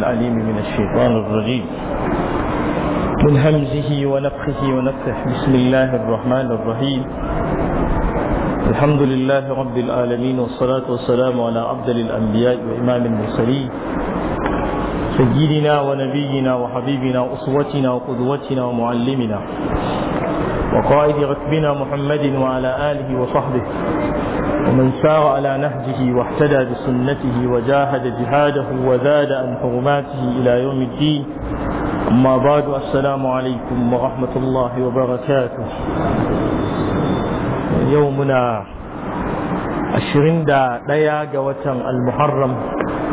العليم من الشيطان الرجيم من همزه ونفخه ونفخه بسم الله الرحمن الرحيم الحمد لله رب العالمين والصلاة والسلام على عبد الأنبياء وإمام المرسلين سيدنا ونبينا وحبيبنا وأسوتنا وقدوتنا ومعلمنا وقائد ركبنا محمد وعلى آله وصحبه ومن سار على نهجه واحتدى بسنته وجاهد جهاده وزاد عن حرماته إلى يوم الدين أما بعد السلام عليكم ورحمة الله وبركاته يومنا ashirin da ɗaya ga watan almuharram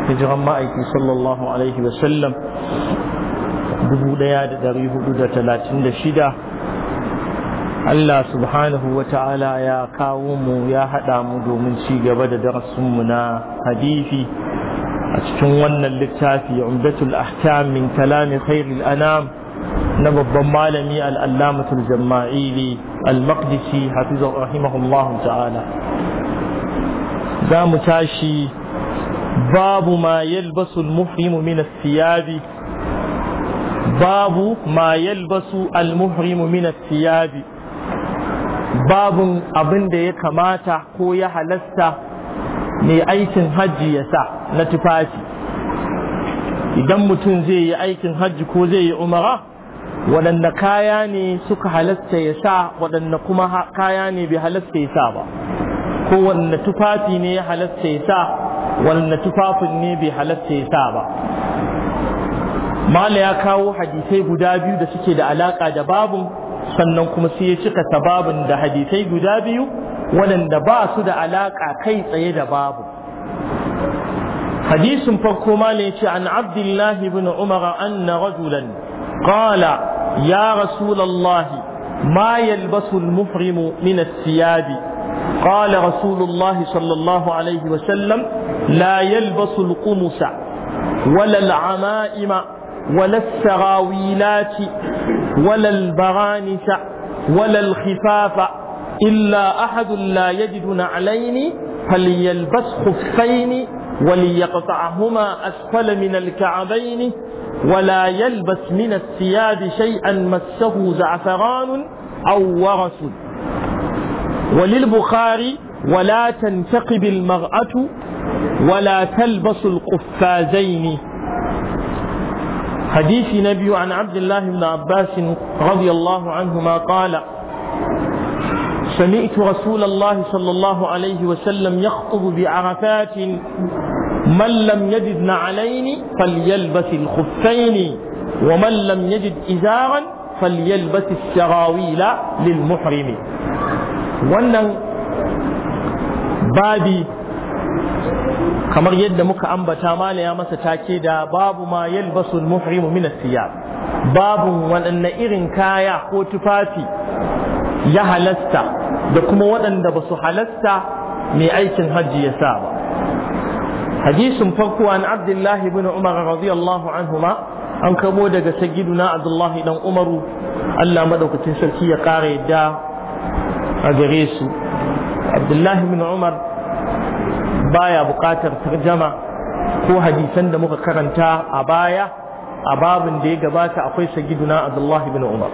hijiran ma'aiki sallallahu alaihi wasallam dubu ɗaya da ɗari hudu da talatin da shida Allah subhanahu wa ta'ala ya kawo mu ya hada mu domin ci gaba da hadithi na hadisi a cikin wannan littafi umdatul ahkam min kalami khairil anam na babban malami al-Allamatul Jamma'ili al-maqdisi hafizar rahimahullahum ta'ala za mu tashi babu ma yalbasu al-muhrimu min siyabi babu ma yalbasu al-muhrimu min siyabi babun abin da ya kamata ko ya halasta mai aikin hajji ya sa na tufafi idan mutum zai yi aikin hajji ko zai yi umara waɗanda kaya ne suka halasta ya sa waɗanda kuma kaya ne bai halasta ya sa ba ko waɗanda tufafi ne ya halasta ya sa waɗanda tufafin ne bai halasta ya sa ba mala ya kawo hadisai guda biyu da suke da alaƙa da babun sannan kuma sai ya cika sababin da hadisai guda biyu waɗanda ba su da alaƙa kai tsaye da babu hadisin farko ma ne ce an abdullahi ibn umar anna rajulan qala ya rasulullahi ما يلبس المحرم من الثياب قال رسول الله صلى الله عليه وسلم لا يلبس القمص ولا العمائم ولا السراويلات ولا البرانس ولا الخفاف إلا أحد لا يجد نعلين فليلبس خفين وليقطعهما أسفل من الكعبين ولا يلبس من الثياب شيئا مسه زعفران أو ورس وللبخاري ولا تنتقب المرأة ولا تلبس القفازين حديث نبي عن عبد الله بن عباس رضي الله عنهما قال سمعت رسول الله صلى الله عليه وسلم يخطب بعرفات من لم يجد نعلين فليلبس الخفين ومن لم يجد إزارا فليلبس السراويل للمحرم وانا بادي kamar yadda muka ambata mala ya masa take da babu ma yalbasul muhrimu min siyab babu waɗanne irin kaya ko tufafi ya halasta da kuma waɗanda basu su halasta mai aikin hajji ya sa ba hadisin farko an abdullahi ibn umar radiyallahu anhuma an kamo daga sagiduna abdullahi dan umaru allah madaukakin sarki ya ƙara yadda a gare su abdullahi ibn umar baya buƙatar tarjama ko hadisan da muka karanta a baya a babin da ya gabata akwai sagiduna Abdullah ibn Umar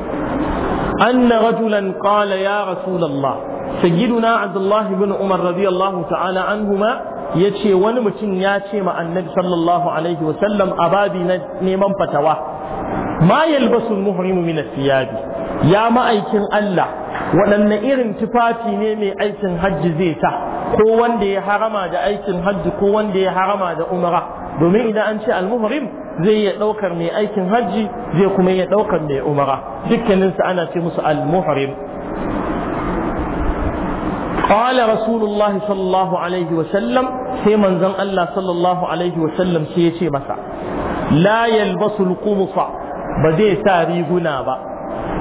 anna rajulan qala ya rasulullah sagiduna Abdullah ibn Umar radiyallahu ta'ala anhuma yace wani mutum ya ce ma annabi sallallahu alaihi wa sallam a babi na neman fatawa ma yalbasul muhrimu min athiyabi ya ma'aikin Allah waɗanne irin tufafi ne mai aikin hajji zai sa ko wanda ya harama da aikin hajji ko wanda ya harama da umara domin idan an ce almuhrim zai iya ɗaukar mai aikin hajji zai kuma iya ɗaukar mai umara Dukkaninsa ana ce musu almuhrim قال رسول الله صلى الله عليه وسلم في منزل الله صلى الله عليه وسلم في شيء مسا لا يلبس القمص بدي ساري غنا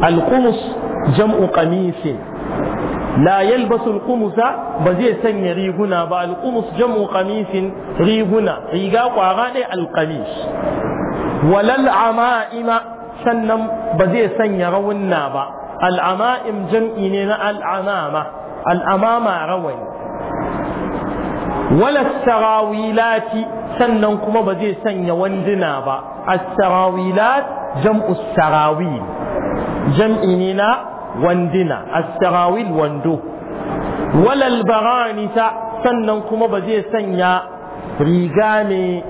القمص جمع قميص la yalbasu alqumusa ba zai sanya riguna ba alqumus jam'u qamisin riguna riga kwara dai alqamis walal ama'ima sannan ba zai sanya rawunna ba al'ama'im jam'i ne na al'amama al'amama rawani wala sarawilati sannan kuma ba zai sanya wanduna ba as-sarawilat jam'u wandina astarawil wando walal baranisa sannan kuma ba zai sanya riga ne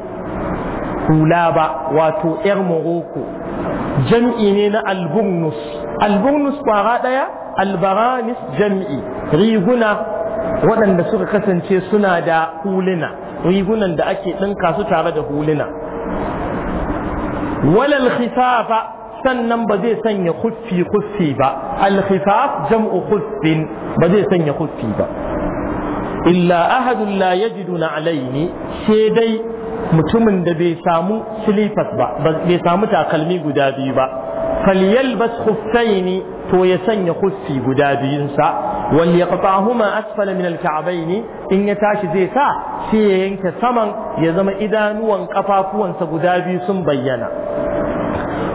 hula ba wato yar morocco jam'i ne na alburnus alburnus kwara daya albaranis jam'i riguna waɗanda suka kasance suna da huluna rigunan da ake ɗinka su tare da huluna walal khisafa sannan ba zai sanya khuffi khuffi ba al jam'u khuffin ba zai sanya khuffi ba illa ahadun la yajidu alaini sai dai mutumin da bai samu silifas ba bai samu takalmi guda biyu ba bas khuffaini to ya sanya khuffi guda biyunsa wal yaqta'huma asfala min al-ka'bayn in ya tashi zai sa sai ya yanke saman ya zama idanuwan kafafuwansa guda biyu sun bayyana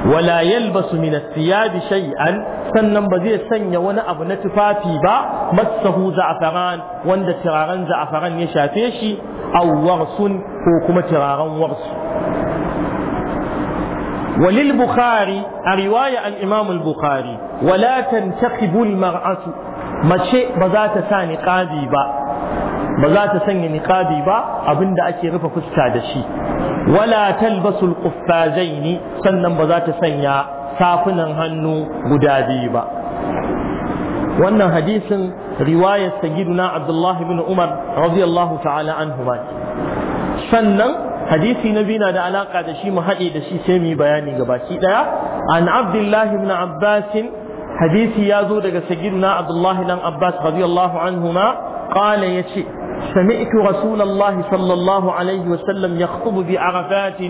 wala yalbasu min ath-thiyabi shay'an sannan ba zai sanya wani abu na tufafi ba masahu za'faran wanda turaren za'faran ya shafe shi aw warsun ko kuma turaren warsu ولل بخاري رواية عن إمام البخاري ولا تنتخب المرأة ما شيء بذات ثاني قاضي با ba za ta sanya niqabi ba abinda ake rufe fuska da shi wala talbasul quffazaini sannan ba za ta sanya safunan hannu guda biyu ba wannan hadisin riwayar sayyiduna abdullahi bin umar radiyallahu ta'ala anhu ba sannan hadisi na biyu na da alaka da shi mu haɗe da shi sai mu yi bayani gabaki ɗaya an abdullahi bin abbasin hadisi ya zo daga sayyiduna abdullahi dan abbas radiyallahu anhu ma qala yace سمعت رسول الله صلى الله عليه وسلم يخطب بعرفات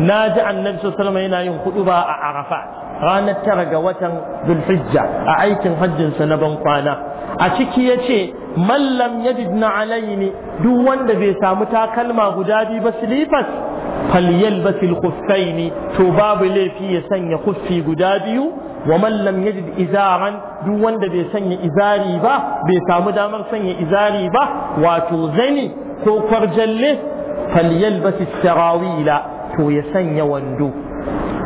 ناجع النبي صلى الله عليه وسلم ينا عرفات ranar tara ga watan Zulhijja a aikin hajjinsa na ban kwana a ciki ya ce mallam yajid na alaini duk wanda bai samu takalma guda biyu ba silifas falyalbas al-khuffaini to babu laifi ya sanya kufi guda biyu wa man lam yajid izaran duk wanda bai sanya izari ba bai samu damar sanya izari ba wato zani ko kwarjalle falyalbas as-sarawila to ya sanya wando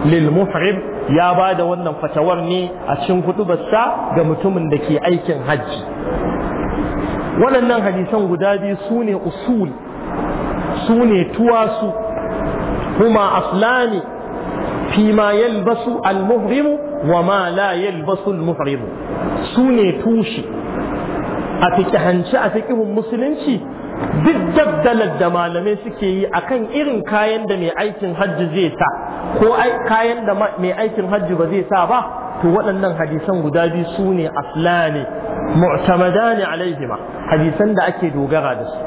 lil muhrib ya ba da wannan fatawar ne a cikin hudubarsa ga mutumin da ke aikin hajji waɗannan hadisan guda biyu su ne usul su ne tuwasu هما أصلان فيما يلبس المحرم وما لا يلبس المحرم سوني توشي أتكهنش أتكهم مسلمشي dabdalar da malamai suke yi akan irin kayan da mai aikin hajji zai sa ko kayan da mai aikin hajji ba zai sa ba to waɗannan hadisan guda biyu su ne mu'tamada ne alaihima hadisan da ake dogara da su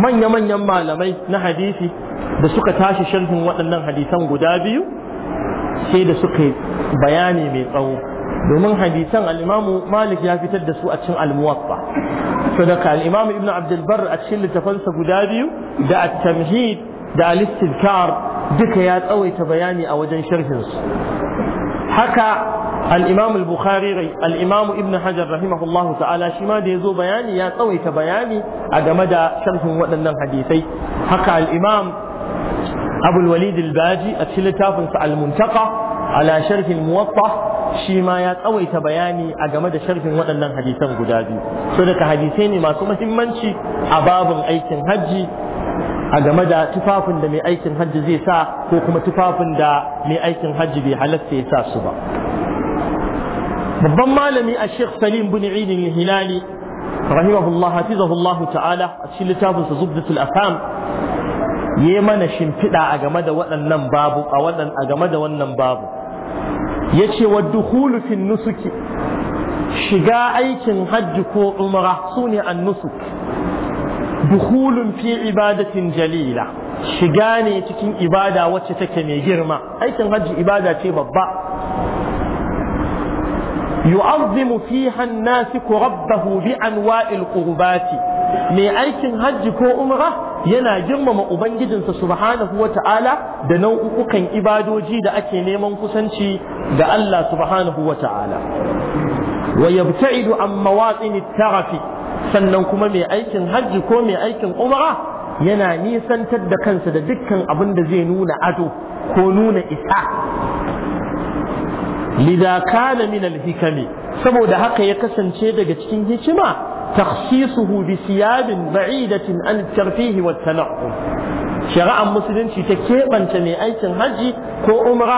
manya-manyan malamai na hadisi da suka tashi sharhin waɗannan hadisan guda biyu sai da suka yi bayani mai tsawo domin hadisan al'imamu malik ya fitar da su a cikin almuwaffa sadaka al'imamu ibn abdulbar a cikin littafansa guda biyu da at-tamhid da al duka ya tsawaita bayani a wajen sharhinsu haka Al'imamul imam al-bukhari al-imam ibn hajar rahimahullah ta'ala shi ma da zo bayani ya tsawaita bayani a game da sharhin waɗannan hadisai haka Al'imam imam abu a cikin littafinsa al-muntaqa ala sharh al-muwatta shi ma ya tsawaita bayani a game da sharhin waɗannan hadisan guda biyu so daga hadisai ne masu muhimmanci a babin aikin hajji a game da tufafin da mai aikin hajji zai sa ko kuma tufafin da mai aikin hajji bai halatta ya sa su ba babban malami a sheikh salim bin idin hilali rahimahullah hafizahullah ta'ala a cikin littafin sa zubdatul afam yayi mana shimfiɗa a game da waɗannan babu a waɗan a game da wannan babu yace wa dukhulu fi nusuki shiga aikin hajji ko umra sune an nusuk dukhulun fi ibadatin jalila shiga ne cikin ibada wacce take mai girma aikin hajji ibada ce babba yu'azzimu fiha an-nasiku rabbahu bi anwa'il qurbati mai aikin hajji ko umra yana girmama ubangijinsa subhanahu wata'ala da nau'ukan ibadoji da ake neman kusanci da Allah subhanahu wata'ala wa yabta'idu an mawaqin at-tarafi sannan kuma mai aikin hajji ko mai aikin umra yana nisantar da kansa da dukkan abin da zai nuna ado ko nuna isa lidha kana min hikami saboda haka ya kasance daga cikin hikima takhsisuhu bi siyabin ba'idatin an tarfihi wa tanaqum shari'ar musulunci ta keɓanta mai aikin hajji ko umra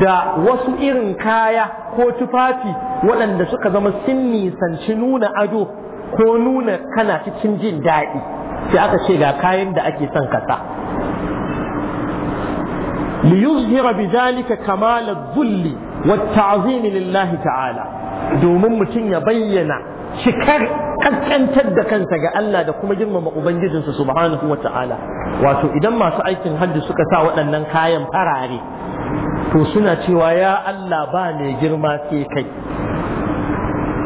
da wasu irin kaya ko tufafi waɗanda suka zama sun nisanci nuna ado ko nuna kana cikin jin daɗi sai aka ce ga kayan da ake son kasa liyuzhira bidhalika kamala dhulli والتعظيم لله ta'ala domin mutum ya bayyana cikar kaskantar da kansa ga Allah da kuma girmama ubangijinsa subhanahu wa ta'ala wato idan masu aikin hajji suka sa waɗannan kayan farare to suna cewa ya Allah ba mai girma sai kai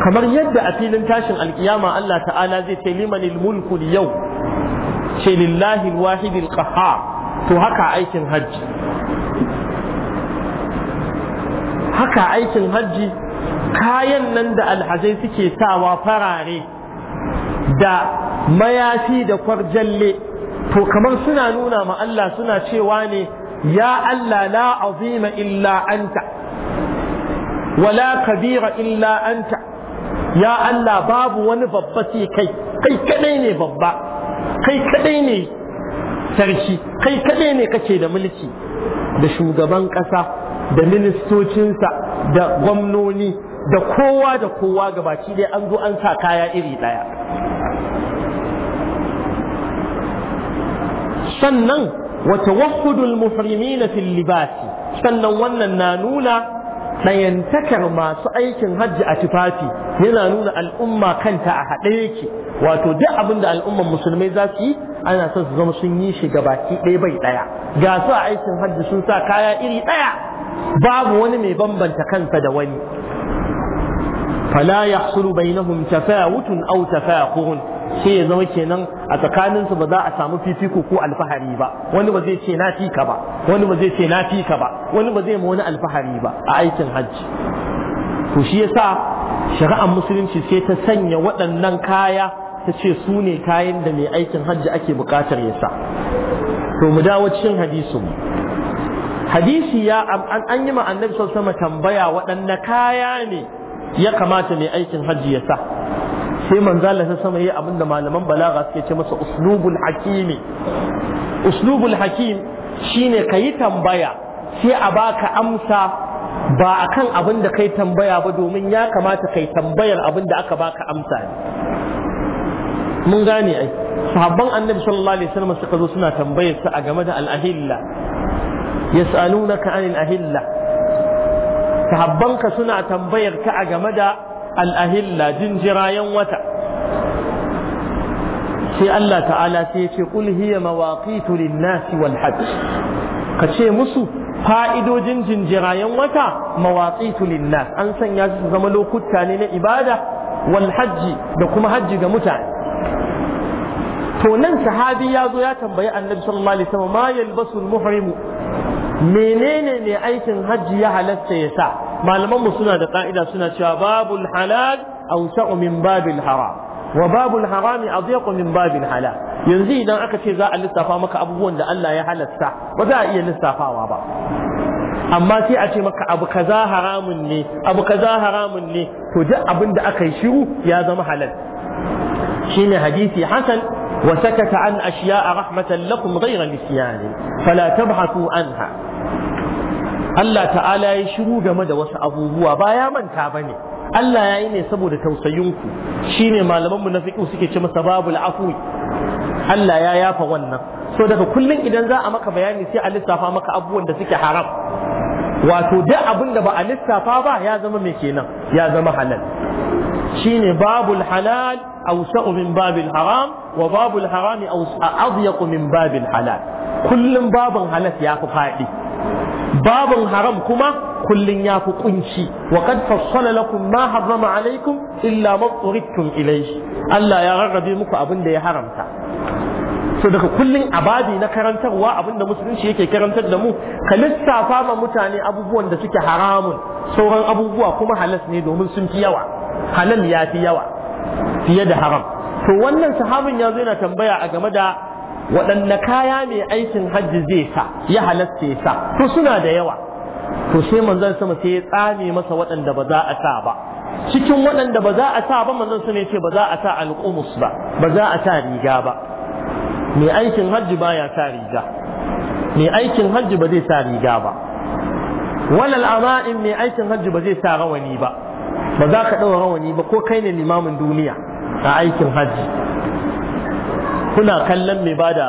kamar yadda a filin tashin alkiyama Allah ta'ala zai ce limanil mulku yau ce lillahi alwahidil qahhar to haka aikin hajji haka aikin hajji kayan nan da alhazai suke sawa farare da mayafi da kwarjalle to kamar suna nuna ma Allah suna cewa ne ya Allah la azima illa anta wala kabira illa anta ya Allah babu wani babba sai kai kai kadai ne babba kai kadai ne sarki kai kadai ne kake da mulki da shugaban kasa da ministocinsa da gwamnoni da kowa da kowa gabaci dai an zo an sa kaya iri ɗaya sannan wata wakudul muhrimi na libasi sannan wannan na nuna ɗayantakar masu aikin hajji a tufafi yana nuna al'umma kanta a haɗe yake wato duk abin da al'umman musulmai za su yi ana son su zama sun yi shi baki ɗaya bai ɗaya ga su a aikin hajji sun sa kaya iri ɗaya babu wani mai bambanta kansa da wani fala yahsulu bainahum tafawutun aw tafakhurun sai ya zama kenan a tsakaninsu ba za a samu fifiko ko alfahari ba wani ba zai ce na fika ba wani ba zai ce na ka ba wani ba zai ma wani alfahari ba a aikin hajji to shi yasa shari'ar musulunci sai ta sanya waɗannan kaya ta ce su ne kayan da mai aikin hajji ake bukatar ya sa to mu dawo cikin hadisin hadisi ya an yi ma annabi sallallahu tambaya waɗanne kaya ne ya kamata mai aikin hajji ya sa sai manzo Allah ta sama yi abinda malaman balaga suke ce masa uslubul hakimi uslubul hakim shine kayi tambaya sai a baka amsa ba akan abin da kai tambaya ba domin ya kamata kai tambayar abin da aka baka amsa ne mun gane ai sahabban annabi sallallahu alaihi wasallam suka zo suna tambayar sa a game da al-ahilla yas'alunaka anil ahilla ka suna tambayar ka a game da al-ahilla jinjirayen wata sai Allah ta'ala sai ya ce qul hiya mawaqitu lin-nasi wal hajj ka ce musu fa'idojin jinjirayen wata mawaƙitu linnas an sanya su zama lokuta ne na ibada wal hajji da kuma hajji ga mutane to nan sahabi ya zo ya tambayi annabi sallallahu alaihi wasallam ma yalbasu al menene ne aikin hajji ya halatta ya sa malaman mu suna da ka'ida suna cewa babul halal awsa'u min babil haram wa babul harami adyaqu min babil halal yanzu idan aka ce za a lissafa maka abubuwan da Allah ya halasta ba za a iya lissafawa ba amma sai a ce maka abu kaza haramun ne abu kaza haramun ne to duk abin da aka yi shiru ya zama halal shine hadisi hasan وسكت عن أشياء رحمة لكم غير نسيان فلا تبحثوا عنها Allah ta'ala ya shiru game da wasu abubuwa ba ya manta ba ne Allah ya yi ne saboda tausayinku shi ne malamanmu na fiƙi suke ci masa babul Allah ya yafa wannan so daga kullum idan za a maka bayani sai a lissafa maka abubuwan da suke haram wato duk abin da ba a lissafa ba ya zama mai kenan ya zama halal shine babul halal أوسع من باب الحرام وباب الحرام أوسع أضيق من باب الحلال كل باب حلال ياكو فائدي باب حرام كما كل ياكو قنشي وقد فصل لكم ما حرم عليكم إلا ما اضطردتم إليه ألا يرغب مكو أبن دي حرمتا so daga kullum abadi na karantarwa abinda musulunci yake karantar da mu ka lissafa ma mutane abubuwan da suke haramun sauran abubuwa kuma halas ne domin sun fi yawa halal ya fi yawa fiye da haram to wannan sahabin ya zo yana tambaya a game da waɗanne kaya mai aikin hajji zai sa ya halatta ya sa to suna da yawa to sai manzon sama sai ya tsame masa waɗanda ba za a sa ba cikin waɗanda ba za a sa ba manzon sama ya ce ba za a sa alƙumus ba ba za a sa riga ba mai aikin hajji baya sa riga mai aikin hajji ba zai sa riga ba walal ama'in mai aikin hajji ba zai sa rawani ba ba za ka ɗaura rawani ba ko kai ne limamin duniya a aikin hajji kuna kallon mai bada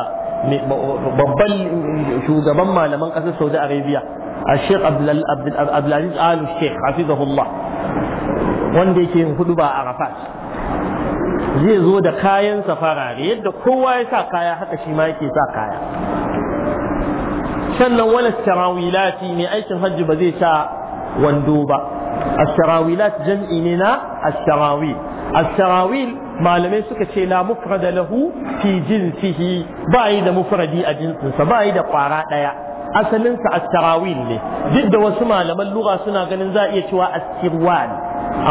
babban shugaban malaman ƙasar saudi arabia a sheikh abdulaziz alu sheikh hafizahullah wanda yake yin hudu ba a arafat zai zo da kayan safarare yadda kowa ya sa kaya haka shi ma yake sa kaya sannan wala tarawilati mai aikin hajji ba zai sa wando ba as-sarawilat jam'i ne na as-sarawil malamai suka ce la mufrada lahu fi jinsihi ba yi da mufradi a jinsinsa ba yi da kwara ɗaya. asalinsa as ne duk da wasu malaman lura suna ganin za iya cewa as-sirwal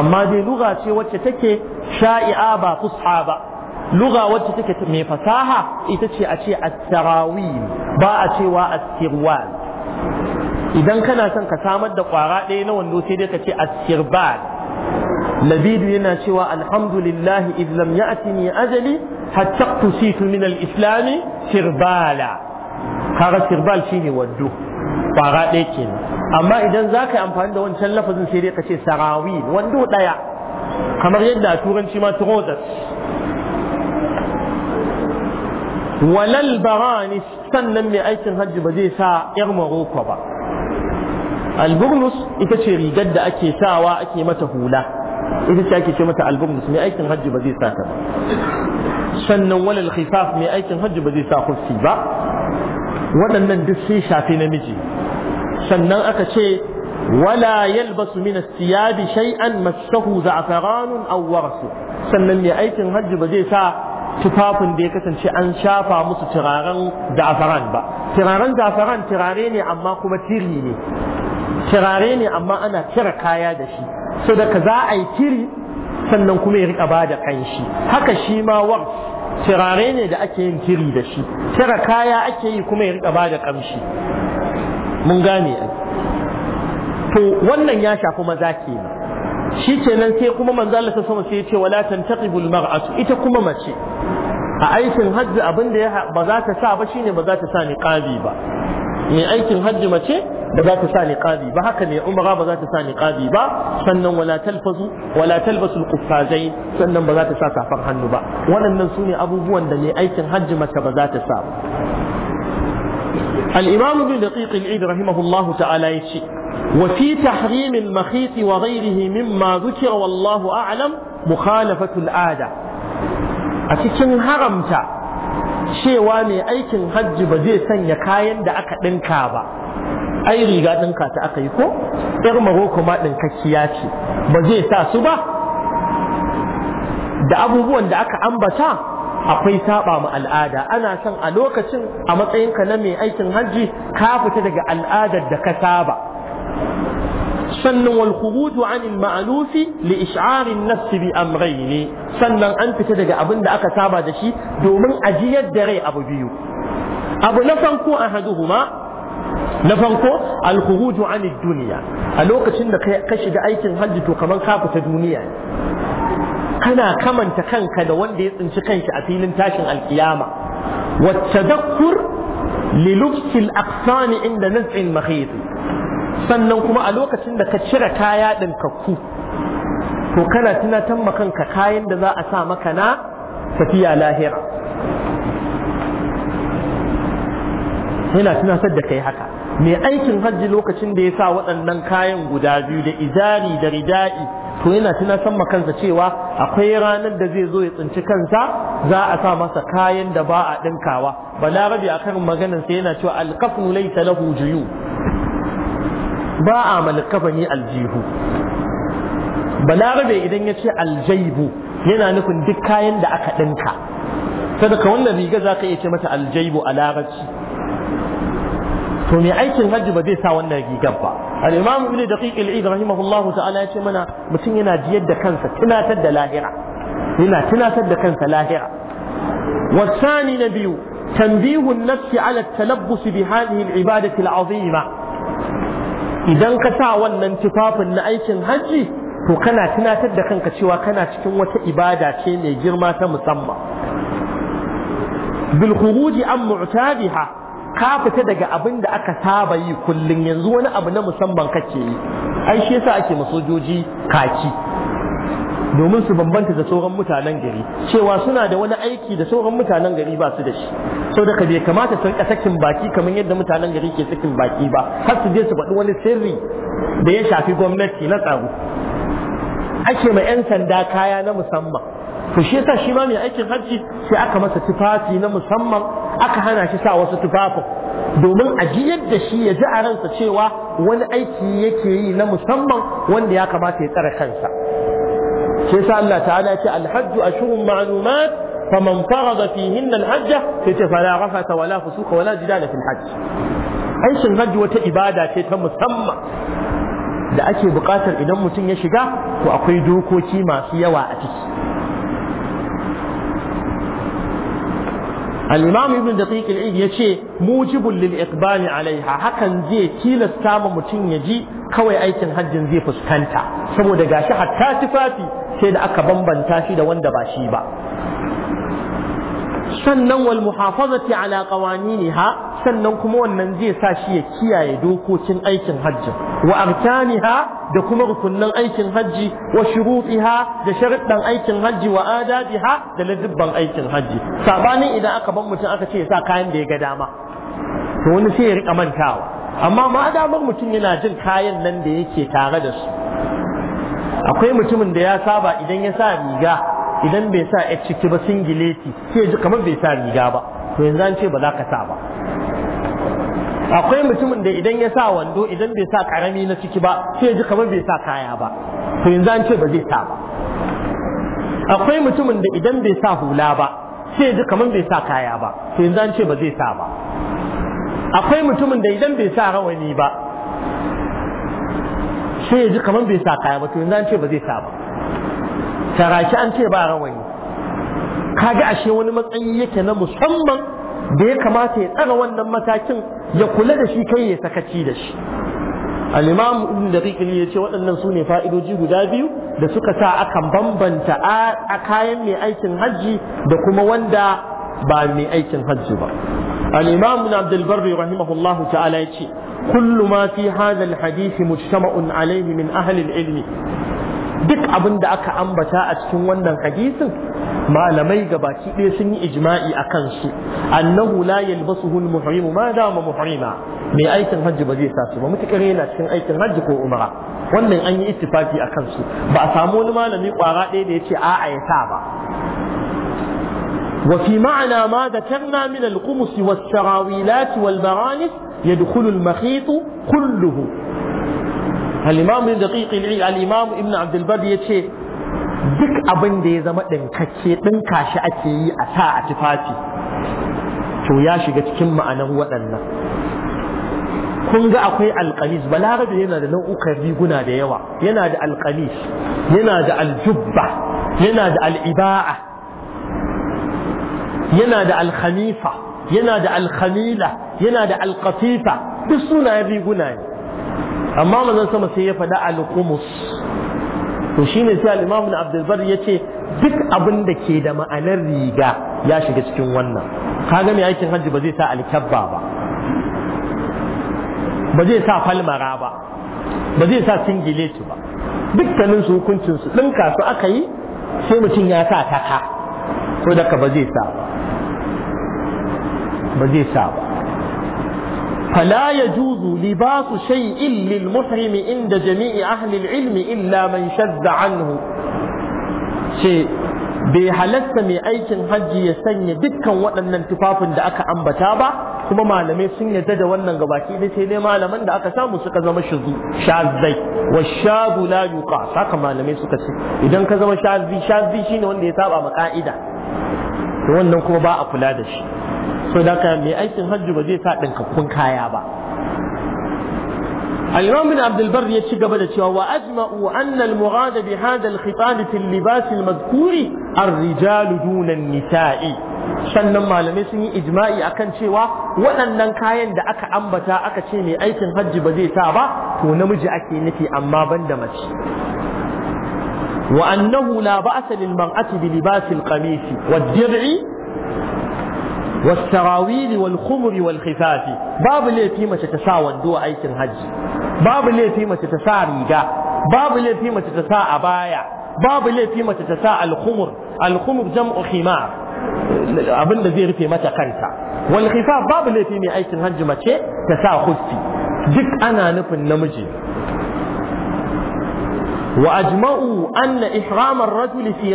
amma dai lura ce wacce take sha'i'a ba fusha ba Lura wacce take mai fasaha ita ce a ce as ba a cewa as-sirwal idan kana son ka samar da kwara ɗaya na wando sai dai ka ce astirbal labidu yana cewa alhamdulillah idh lam ya'tini ajali hatta qusitu min al-islam sirbala kaga sirbal shine waddu kwara ɗaya kenan amma idan za ka yi amfani da wancan lafazin sai dai ka ce sarawi wando ɗaya kamar yadda a turanci ma trousers walal barani sannan mai aikin hajji ba zai sa yar maroko ba alburnus ita ce rigar da ake sawa ake mata hula ita ce ake ce mata alburnus mai aikin hajji ba zai sa ta ba sannan walal khifaf mai aikin hajji ba zai sa kursi ba waɗannan duk sai shafi namiji sannan aka ce wala yalbasu min as-siyabi shay'an massahu za'faranun aw warasu sannan mai aikin hajji ba zai sa tufafin da ya kasance an shafa musu turaren za'faran ba turaren za'faran turare ne amma kuma tiri ne kirare ne amma ana kira kaya da shi so daga za a yi kiri sannan kuma ya rika bada kanshi haka shi ma war kirare ne da ake yin kiri da shi cire kaya ake yi kuma ya rika bada kamshi mun gane to wannan ya shafi maza kenan shi kenan sai kuma manzo Allah ta sama sai ya ce wala tantaqibul mar'atu ita kuma mace a aikin hajji abin da ba za ta sa ba shine ba za ta sa niqabi ba mai aikin hajji mace ba za ta sa niqabi ba haka ne umara ba za ta sa niqabi ba sannan wala talfazu wala talbasu sannan ba za ta sa safar hannu ba waɗannan su ne abubuwan da mai aikin hajji mace ba za ta sa ba الإمام ابن دقيق العيد رحمه الله تعالى يشي وفي تحريم المخيط وغيره مما ذكر والله أعلم مخالفة العادة أتكن haramta. cewa mai aikin hajji ba zai sanya kayan da aka ɗinka ba ai riga ɗinka ta aka yi ko yar maroko ma ɗinkakkiya ce ba zai sa su ba da abubuwan da aka ambata akwai saba ma al'ada ana son a lokacin a matsayinka na mai aikin hajji ka fita daga al'adar da ka saba sannan wal khuruju anil ma'lufi li ish'arin nafsi bi amrayni sannan an fita daga abin da aka saba da shi domin ajiyar da rai abu biyu abu na farko ahaduhuma na farko al khuruju anid dunya a lokacin da ka shiga aikin hajji to kamar ka fita duniya kana kamanta kanka da wanda ya tsinci kanshi a filin tashin alkiyama wa tadakkur li lubsil aqsani inda naz'in makhith sannan kuma a lokacin da ka cire kaya ɗin kakku to kana tunatar ma kanka kayan da za a sa maka na tafiya lahira yana tunatar da kai haka mai aikin hajji lokacin da ya sa waɗannan kayan guda biyu da izari da rida'i to yana tunatar ma kansa cewa akwai ranar da zai zo ya tsinci kansa za a sa masa kayan da ba a ɗinkawa rabi a karin maganarsa yana cewa alkafnu laisa lahu juyu ba a malkafa ne aljihu balarabe idan ya ce aljaibu yana nufin duk kayan da aka ɗinka sadaka wannan riga za ka iya ce mata aljaibu a larabci to mai aikin hajji ba zai sa wannan rigar ba al ibn daqiq al-eid ta'ala ya ce mana mutum yana jiyar da kansa tunatar da lahira yana tunatar da kansa lahira wasani na biyu tambihun nafsi ala talabbus bi hadhihi al-ibadati idan ka sa wannan tufafin na aikin hajji to kana tunatar da kanka cewa kana cikin wata ibada ce mai girma ta musamman bil khuruji an mu'tabiha ka fita daga abin da aka saba yi kullun yanzu wani abu na musamman kake yi ai shi yasa ake masojoji kaki domin su bambanta da sauran mutanen gari cewa suna da wani aiki da sauran mutanen gari ba su da shi sau da bai kamata su rika sakin baki kamar yadda mutanen gari ke sakin baki ba har su je su faɗi wani sirri da ya shafi gwamnati na tsaro ake ma 'yan sanda kaya na musamman to shi yasa shi ma mai aikin hajji sai aka masa tufafi na musamman aka hana shi sa wasu tufafin domin ajiyar da shi ya ji a ransa cewa wani aiki yake yi na musamman wanda ya kamata ya tsare kansa شيء الله تعالى الحج أشهر معلومات فمن فرض فيهن الحج فلا رفث ولا فسوق ولا جدال في الحج عيش الحج وتعبادة تتم ثم لأكي بقاتل إنهم تنشقا وأقيدوك وشيما في وعاتك al-imam ibn daqiq al-eid yace mujibun lil iqbali alaiha hakan zai tilasta ma mutum ya ji kawai aikin hajjin zai fuskanta saboda gashi hatta tufafi sai da aka bambanta shi da wanda ba shi ba sannan wal muhafazati ala qawaniniha sannan kuma wannan zai sa shi ya kiyaye dokokin aikin hajjin wa amtaniha da kuma rukunnan aikin hajji wa shurutiha da sharuɗan aikin hajji wa adabiha da ladibban aikin hajji sabanin idan aka ban mutum aka ce ya sa kayan da ya ga dama to wani sai ya rika mantawa amma ma damar mutum yana jin kayan nan da yake tare da su akwai mutumin da ya saba idan ya sa riga idan bai sa ya ciki ba singileti sai ji kamar bai sa riga ba to yanzu an ce ba za ka sa ba akwai mutumin da idan ya sa wando idan bai sa karami na ciki ba sai ji kamar bai sa kaya ba to yanzu an ce ba zai sa ba akwai mutumin da idan bai sa hula ba sai ji kamar bai sa kaya ba to yanzu an ce ba zai sa ba akwai mutumin da idan bai sa rawani ba sai ji kamar bai sa kaya ba to yanzu an ce ba zai sa ba taraki an ce ba rawani kaga ashe wani matsayi yake na musamman da ya kamata ya tsara wannan matakin ya kula da shi kai ya sakaci da shi al-imam ibn daqiq ya ce waɗannan su ne fa'idoji guda biyu da suka sa aka bambanta a kayan mai aikin hajji da kuma wanda ba mai aikin hajji ba al-imam ibn abdul barri rahimahullahu ta'ala ya ce kullu ma fi hadha al-hadith mujtama'un alayhi min ahli al-ilm duk abin da aka ambata a cikin wannan hadisin malamai gabaki ɗaya sun yi ijma'i a kansu annahu la yalbasuhu al-muhrim ma dama muhrima mai aikin hajji ba zai sa su ba mutakar yana cikin aikin hajji ko umara wannan an yi ittifaki a kansu ba a samu wani malami kwara ɗaya da ce a'a ya sa ba وفي معنى ما ذكرنا من القمص والسراويلات والبرانس يدخل المخيط كله الإمام الدقيق الإمام ابن عبد البر يتشي duk abin da ya zama ɗinkakke ɗinka shi ake yi a sa a tufafi to ya shiga cikin ma'anan waɗannan kun ga akwai alƙalis balarabe yana da nau'ukan riguna da yawa yana da alƙalis yana da aljubba yana da al'iba'a yana da alhamifa yana da alhamila yana da alƙafifa duk sunayen riguna ne amma mazan sama sai ya faɗa alƙumus to ne sai al-imam abdulbar ya ce duk abin da ke da ma'anar riga ya shiga cikin wannan kaga mai aikin hajji ba zai sa alkabba ba ba zai sa falmara ba ba zai sa singileti ba dukkanin su hukuncin su dinka su aka yi sai mutum ya sa taka ko da ka ba zai sa ba ba zai sa ba فلا يجوز لباس shai للمحرم عند inda jami'i العلم ilmi illa شذ عنه شيء bai halatta mai aikin hajji ya sanya dukkan waɗannan tufafin da aka ambata ba kuma malamai sun yarda da wannan gabaki da sai dai malaman da aka samu suka zama shuzu shazai wa shazu la yuqa haka malamai suka ci. idan ka zama shazi shazi shine wanda ya saba ma ka'ida to wannan kuma ba a kula da shi Sau da mai aikin hajji ba zai sa ɗinkakkun kaya ba الإمام بن عبد البر يشجب لتشوى وأجمعوا أن المراد بهذا الخطاب في اللباس المذكور الرجال دون النساء sannan malamai sun yi ijma'i akan cewa waɗannan kayan da aka ambata aka ce mai aikin hajji ba zai sa ba to namiji ake nufi amma ban da mace wa annahu la ba'sa lil mar'ati bi libasil qamis dir'i والسراويل والخمر والخفاف باب لي في ما تتساوى دو aikin hajji babu laifi mace ta sa riga babu laifi mace ta sa abaya babu laifi mace ta sa alkhumur alkhumur jam'u abin da zai rufe mata kanta wal khifaf babu laifi mai aikin hajji mace ta sa huffi duk ana nufin namiji wa ajma'u anna ihram ar-rajul fi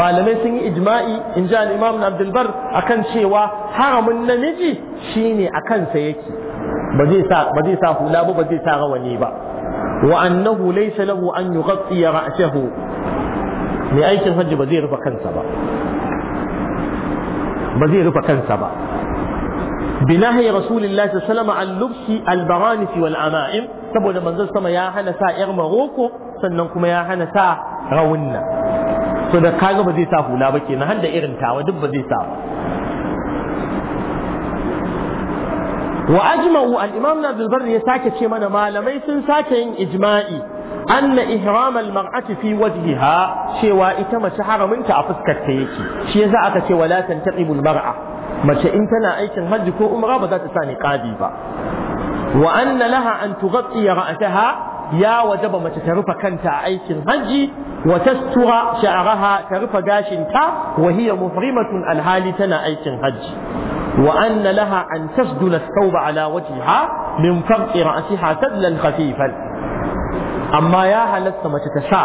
malamai sun yi ijma'i Injan imam Abdulbar Bar akan cewa haramin namiji shine akan sa yake ba zai sa hula ba zai sa rawani ba wa annahu laysa lahu an yughatti ra'sahu mai aikin hajji ba zai rufe kansa ba ba zai rufe kansa ba بنهي رسول الله صلى الله عليه وسلم عن لبس البرانس saboda manzon sama ya hana sa yar maroko sannan kuma ya hana sa rawunna so da kaga ba zai sa hula ba kenan har da irin tawa duk ba zai sa ba wa ajma'u al-imam Abdul ya sake ce mana malamai sun sake yin ijma'i anna ihram al-mar'ati fi wajhiha cewa ita mace haraminta a fuskar ta yake shi yasa aka ce wala tantaqibu al-mar'a mace in tana aikin hajji ko umra ba za ta sa kabi ba wa anna laha an tughatti ra'ataha ya wajaba mace ta rufe kanta a aikin hajji wa tastura sha'araha ta rufe gashinta wa hiya muhrimatun alhali tana aikin hajji wa anna laha an tasdula thawba ala wajhiha min farqi ra'siha tadlan khafifan amma ya halatta mace ta sa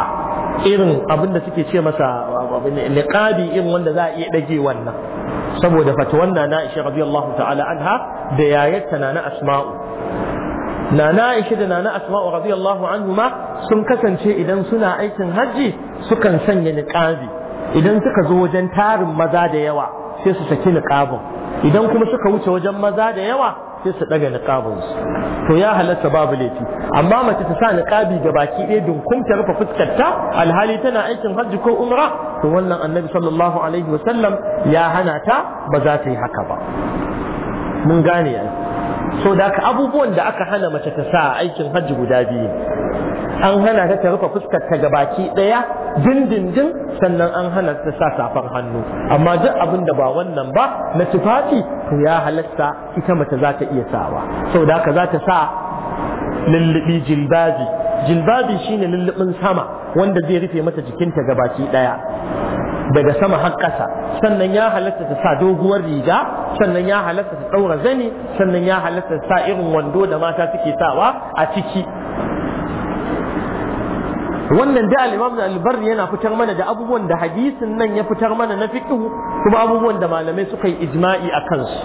irin abin da suke ce masa niqabi irin wanda za a iya dage wannan saboda fata wannan na Aisha radiyallahu ta'ala anha da yayarta na na Asma'u nana Aisha da nana Asma'u radiyallahu anhuma sun kasance idan suna aikin hajji sukan sanya niqabi idan suka zo wajen tarin maza da yawa sai su saki niqabin idan kuma suka wuce wajen maza da yawa sai su daga niqabin su to ya halatta babu laifi amma mace ta sa niqabi ga baki ɗaya dunkum ta rufe fuskar ta alhali tana aikin hajji ko umra to wannan annabi sallallahu alaihi wasallam ya hana ta ba za ta yi haka ba mun gane yanzu so da abubuwan da aka hana mace ta sa aikin hajji guda biyu an hana ta ta rufe fuskar ta gabaki daya dindindin sannan an hana ta sa safan hannu amma duk abin da ba wannan ba na tufafi to ya halatta ita mace za ta iya sawa so da za ta sa lullubi jilbabi jilbabi shine lullubin sama wanda zai rufe mata jikinta gabaki daya daga sama har ƙasa sannan ya halatta ta sa doguwar riga sannan ya halatta ta ɗaura zani sannan ya halatta ta sa irin wando da mata suke sawa a ciki wannan da al-imam al yana fitar mana da abubuwan da hadisin nan ya fitar mana na fiqh kuma abubuwan da malamai suka yi ijma'i a kansu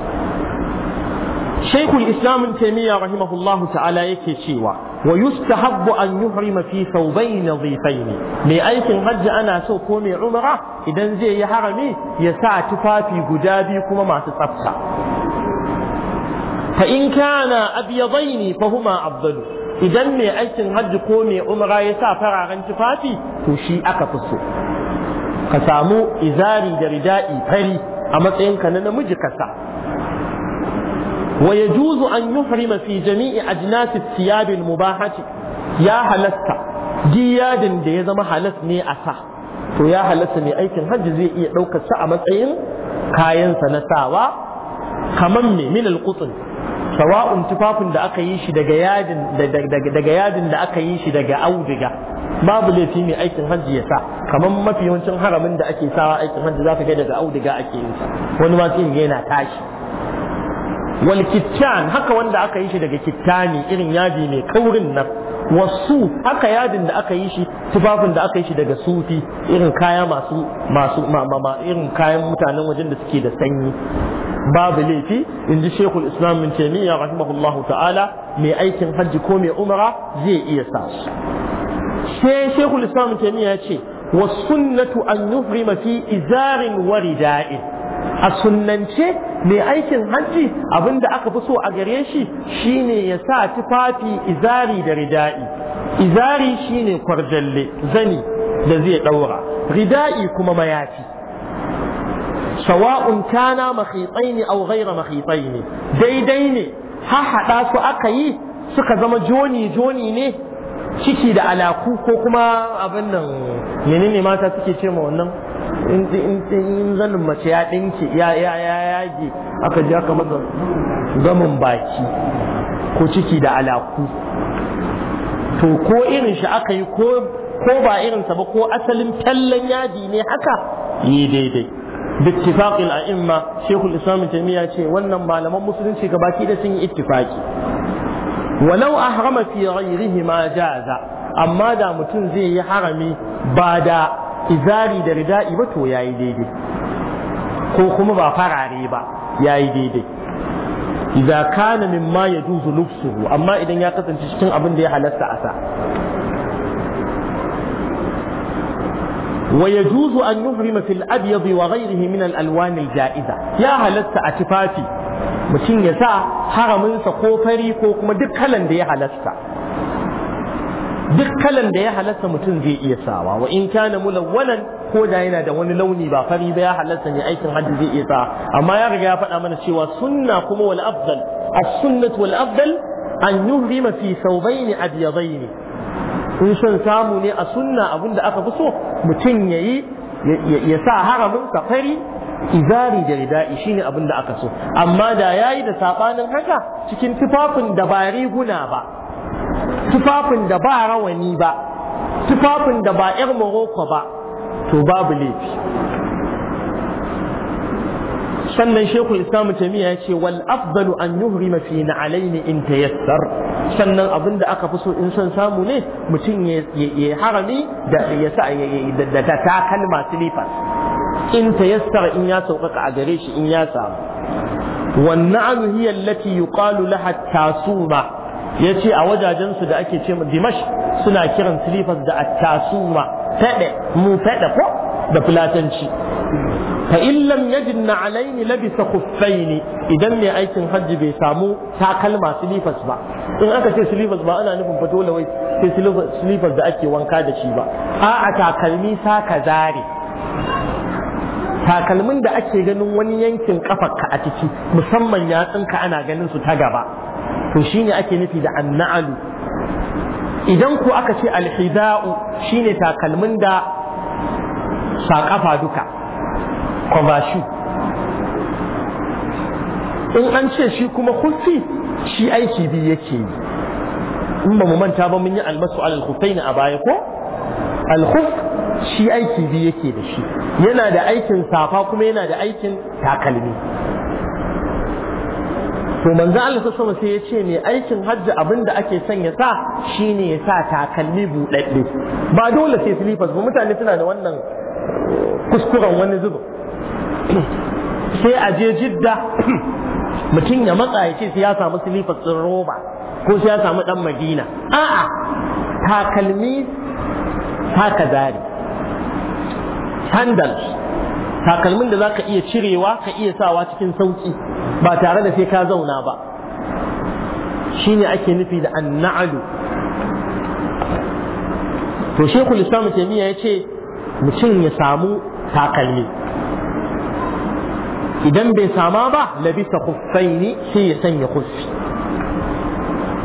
shaykhul islam taymiya rahimahullahu ta'ala yake cewa wa yustahabbu an yuhrima fi thawbayn nadhifayn mai aikin hajji ana so ko mai umra idan zai yi harami ya sa tufafi guda biyu kuma masu tsafta Ka in na abyadaini baini huma afdalu idan mai aikin hajji ko mai umra yasa fararen tufafi to shi aka fi so ka samu izari da rida'i fari a matsayinka na namiji ka sa wa ya juzu an yi fi jami'i a at-thiyab al-mubahati ya halatta diyadin da ya zama halas ne a sa to ya halatta mai aikin hajji zai iya ɗaukar sa a matsayin kayansa na sawa kamar mai min al-qutl sawa'un tufafin da aka yi shi daga yadin da aka yi shi daga auduga babu laifi mai aikin hajji ya sa kamar mafi yawancin haramin da ake sawa aikin hajji za ka ga daga auduga ake yin wani ma sai yana tashi wal kittan haka wanda aka yi shi daga kittani irin yadi mai kaurin nan wasu haka yadin da aka yi shi tufafin da aka yi shi daga sufi irin kaya masu masu irin kayan mutanen wajen da suke da sanyi babu laifi in ji shekul islam min taimiyya rahimahullah ta'ala mai aikin hajji ko mai umara zai iya sa su sai shekul islam min taimiyya ya ce wasu sunnatu an yuhrima fi izarin warida'in a sunnance mai aikin hajji abinda aka fi so a gare shi shine ya sa tufafi izari da rida'i izari shine kwarjalle zani da zai daura rida'i kuma mayaci. sawa'un kana makhitaini aw ghayra ne daidai ne ha hada su aka yi suka zama joni joni ne ciki da alaku ko kuma abin nan menene mata suke ce ma wannan in in zanin mace ya ɗinki ya ya ya yage aka ji aka maza zaman baki ko ciki da alaku to ko irin shi aka yi ko ko ba irinsa ba ko asalin tallan yadi ne haka yi daidai bittifaqil a'imma shekul islam tamiya ce wannan malaman musulunci gabaki da sun yi ittifaki walau ahrama fi ghairihi ma jaza amma da mutum zai yi harami ba da izari da rida'i ba to yayi daidai ko kuma ba farare ba yayi daidai idza kana ya yajuzu lubsuhu amma idan ya kasance cikin abin da ya halasta a sa ويجوز أن يحرم في الأبيض وغيره من الألوان الجائزة يا هلست أتفافي mutum ya sa haraminsa ko fari ko kuma duk kalan da ya halasta duk kalan da ya halatta mutum zai iya sawa wa in kana mulawwalan ko da yana da wani launi ba fari ba ya halatta ne aikin hajji zai iya sa amma ya riga ya faɗa mana cewa sunna kuma wal afdal as-sunnat wal afdal an yuhrima fi thawbayn abyadayn in son samu ne a sunna abinda aka fi so mutum yayi ya sa haramin safari izari da rida'i shine abun da aka so amma da yayi da sabanin haka cikin tufafin da ba riguna ba tufafin da ba rawani ba tufafin da ba 'yar Morocco ba to babu laifi sannan shekul islam tamiya ya ce wal afdalu an yuhrima fi na'alaini in yassar. sannan abin da aka fi so in son samu ne mutum ya harami da ya sa da takalma slippers in in ya sauƙaƙa a gare shi in ya samu والنعل هي lati يقال لها التاسومة ya ce a wajajensu da ake ce dimash suna kiran silifas da attasuma fede mu fede ko da filatanci. fa illam yajin na alaini labisa ne idan mai aikin hajji bai samu takalma silifas ba in aka ce silifas ba ana nufin fito lawai sai silifas da ake wanka da shi ba a'a takalmi ka zare takalmin da ake ganin wani yankin kafarka a ciki musamman yatsunka ana ganin su ta gaba to shine ake nufi da anna'alu idan ku aka ce alhida'u shine takalmin da sakafa duka kwabashu in an ce shi kuma kufi shi aiki biyu yake yi in ba mu manta ba mun yi almasu al-khuffain a baya ko alhuf shi aiki biyu yake da shi yana da aikin safa kuma yana da aikin takalmi to manzo Allah sallallahu alaihi sai ya ce mai aikin hajji abinda ake son ya sa shine ya sa takalmi budadde ba dole sai slippers ba mutane suna da wannan kuskuren wani zuba sai a je jidda mutum ya matsa ya ce sai ya samu slippers din roba ko sai ya samu dan madina a'a takalmi haka zari sandals takalmin da za ka iya cirewa ka iya sawa cikin sauki ba tare da sai ka zauna ba shine ake nufi da anna'alu to shekul islam taimiyya ya ce mutum ya samu takalmi idan bai sama ba labisa kuffaini sai ya sanya kuffi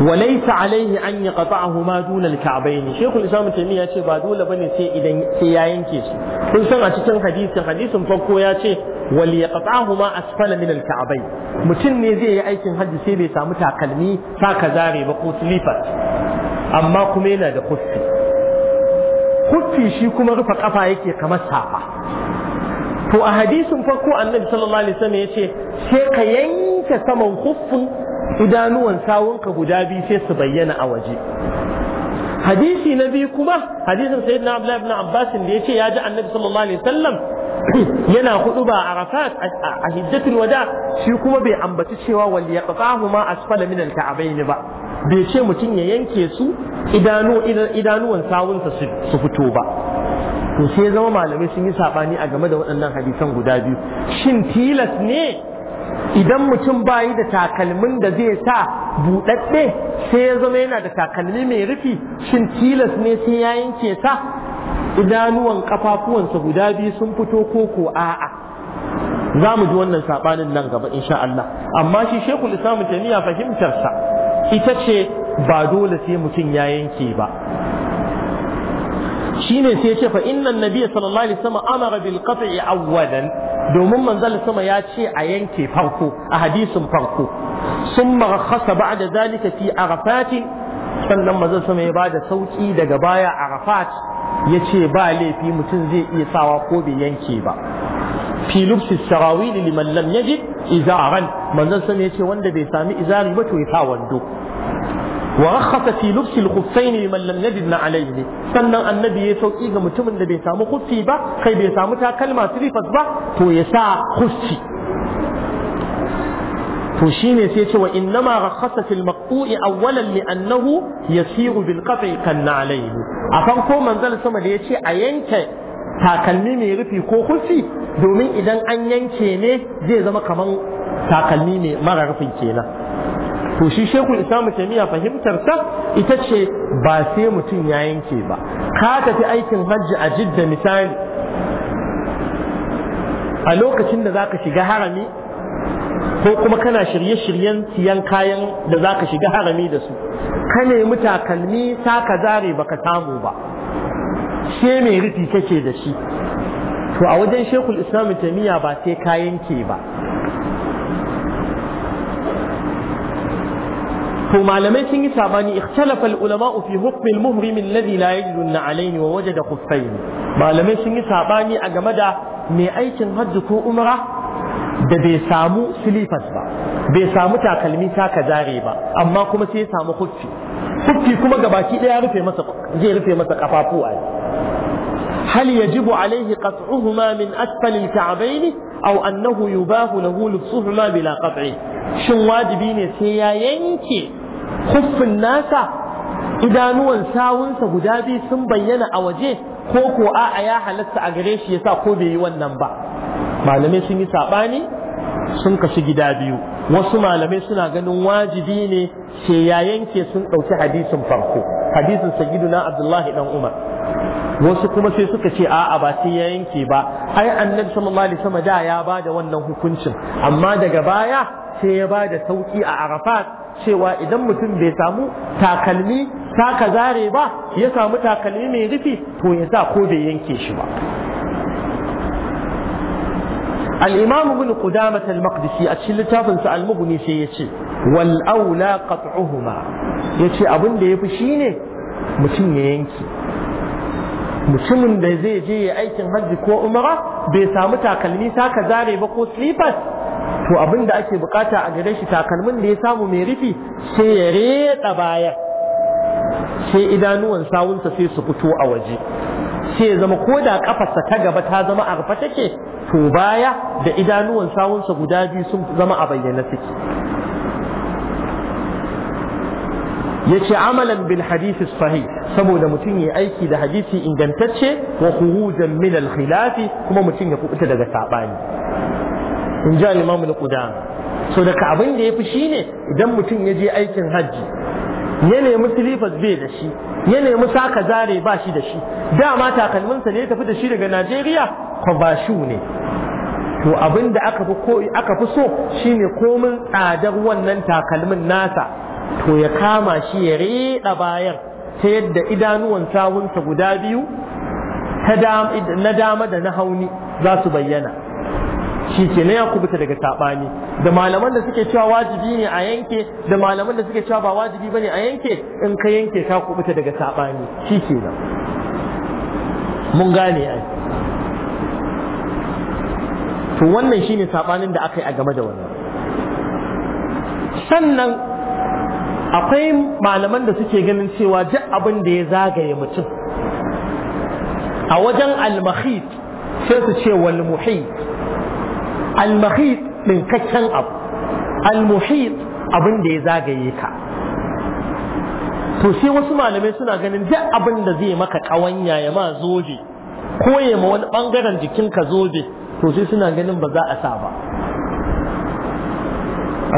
وليس عليه أن يقطعه ما دون الكعبين شيخ الإسلام تيمية يقول ba dole bane sai idan sai ya yanke su kun san a cikin hadisin hadisin farko ya ce wal yaqta'hu ma asfala min al mutum ne zai yi aikin hajji sai bai samu takalmi saka zare ba ko slippers amma kuma yana da kuffi kuffi shi kuma rufe kafa yake kamar safa to a hadisin farko annabi sallallahu alaihi wasallam ya ce sai ka yanke saman kuffin idanuwan sawunka guda biyu sai su bayyana a waje hadisi na biyu kuma hadisin sayyidina abdullahi ibn abbas da yace ya ji annabi sallallahu alaihi wasallam yana hudu ba arafat a hijjatul wada shi kuma bai ambaci cewa wal yaqahu ma asfala min al ka'bayn ba bai ce mutum ya yanke su idanu idanuwan sawunsa su fito ba to sai zama malamai sun yi sabani a game da waɗannan hadisan guda biyu shin tilas ne idan mutum bayi da takalmin da zai sa buɗaɗɗe sai ya zama yana da takalmi mai rufi shin tilas ne sai ya yanke sa idanuwan kafafuwansa guda biyu sun fito ko ko a'a za mu ji wannan saɓanin nan gaba insha Allah amma shi shekul islamu jami'a fahimtarsa ita ce ba dole sai mutum ya yanke ba shine sai ce fa innan nabiyya sallallahu alaihi wasallam amara bil qat'i awwalan domin manzal sama ya ce a yanke farko a hadisin farko sun marakasa ba da zalika fi arafatin sannan manzal sama ya bada sauki daga baya arafat ya ce ba laifi mutum zai iya sawa ko bai yanke ba fi lubsi sarawili liman lam yajid izaran manzal sama ya ce wanda bai sami izari ba to ya sa wando ورخص في لبس الخفين لمن لم يجدنا عليه sannan annabi ya sauki ga mutumin da bai samu khuffi ba kai bai samu takalma silifas ba to ya sa khuffi to shine sai ce wa innama rakhasa fil maqtu'i awwalan li annahu yasiru bil qat'i kan alayhi a farko manzal sama da yace a yanke takalmi mai rufi ko khuffi domin idan an yanke ne zai zama kaman takalmi mai mara rufin kenan to shi shekul islamu taimiya fahimtar ta ita ce ba sai mutum ya yanke ba ka tafi aikin hajji a jidda misali a lokacin da zaka shiga harami ko kuma kana shirye-shiryen siyan kayan da zaka shiga harami da su ka nemi takalmi ta ka zare baka samu ba she mai rufi kake da shi to a wajen shekul islamu taimiya ba sai ka yanke ba to malamai sun yi sabani ikhtalafa ulama fi hukmi al-muhrim alladhi la yajunna alayhi wa wajada khuffayn malamai sun yi sabani a game da mai aikin hajji ko umra da bai samu silifas ba bai samu takalmi taka zare ba amma kuma sai ya samu huffi huffi kuma gabaki daya rufe masa zai rufe masa kafafuwa هل يجب عليه قطعهما من أسفل الكعبين أو أنه يباه له لبسهما بلا قطع شن واجبين سيا ينكي Kuffin nasa idanuwan sawunsa guda biyu sun bayyana a waje ko ko a'a ya halatta a gare shi yasa ko bai yi wannan ba malamai sun yi saɓani sun kasu gida biyu wasu malamai suna ganin wajibi ne sai ya yanke sun ɗauki hadisin farko hadisin na abdullahi dan umar wasu kuma sai suka ce a'a ba sai ya yanke ba ai annabi sallallahu alaihi wasallam da ya bada wannan hukuncin amma daga baya sai ya bada sauki a arafat cewa idan mutum bai samu takalmi saka zare ba ya samu takalmi mai rufi to ya sa ko bai yanke shi ba الإمام ابن قدامة المقدسي أتشل تافن سأل مغني سيتي والأولى قطعهما يتي أبن shine, فشيني متين ينكي mutumin da zai je ya yi aikin hajji ko umara bai samu takalmi saka zare ba ko slippers to abin da ake bukata a gare shi takalmin da ya samu mai rufi sai ya reda baya sai idanuwan sawunsa sai su fito a waje sai ya zama koda kafarsa ta gaba ta zama a rufe take to baya da idanuwan sawunsa guda biyu sun zama a bayyana suke yace amalan bil hadisi sahih saboda mutum ya aiki da hadisi ingantacce wa khurujan min al khilafi kuma mutum ya kubuta daga sabani in ji alimamu imamu so daga abin da ya fi shi ne idan mutum ya je aikin hajji ya nemi silifas bai da shi ya nemi saka zare ba shi da shi dama takalminsa ne ya tafi da shi daga najeriya kwabashu ne to abin da aka fi so shi so shine komin tsadar wannan takalmin nasa to ya kama shi ya reda bayan ta yadda idanuwan sawunsa guda biyu na dama da na hauni za su bayyana shi ke na ya kubuta daga saɓani da malaman da suke cewa wajibi ne a yanke da malaman da suke cewa ba wajibi bane a yanke in ka yanke ka kubuta daga saɓani shi ke nan mun gane ai to wannan shine saɓanin da aka yi a game da wannan sannan akwai malaman da suke ganin cewa duk abin da ya zagaye mutum a wajen almahit sai su ce wal muhit al-mahit ɗinkakken abu al abin da ya zagaye ka to sai wasu malamai suna ganin duk abin da zai maka ƙawanya ya ma zobe ko ya ma wani ɓangaren jikinka zobe to sai suna ganin ba za a sa ba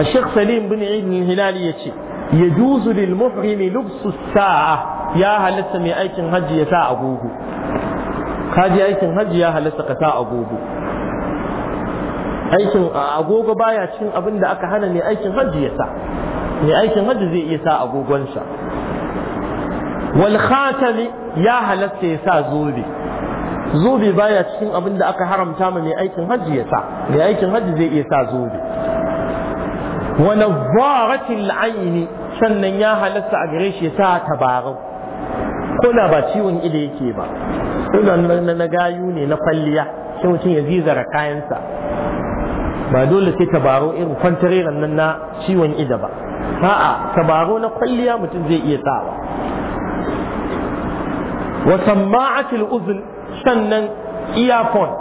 a sheikh salim bin ibn hilali ya ce ya juzu lil muhrimi lubsu sa'a ya halatta mai aikin hajji ya sa agogo kaji aikin hajji ya halatta ka sa agogo aikin agogo baya cin abin da aka hana mai aikin hajji ya sa mai aikin hajji zai iya sa agogonsa wal khatami ya halatta ya sa zobe zobe baya cikin abin da aka haramta ma mai aikin hajji ya sa mai aikin hajji zai iya sa zobe wa nadharatil aini sannan ya halatta a gare shi ya sa tabarau ko da ba ciwon ido yake ba ko na gayu ne na kwalliya sai mutum ya zizara kayansa ba dole sai tabaro irin kwantareran nan na ciwon ida ba a'a tabaro na kwalliya mutum zai iya sawa wa sama'atul uzun sannan earphone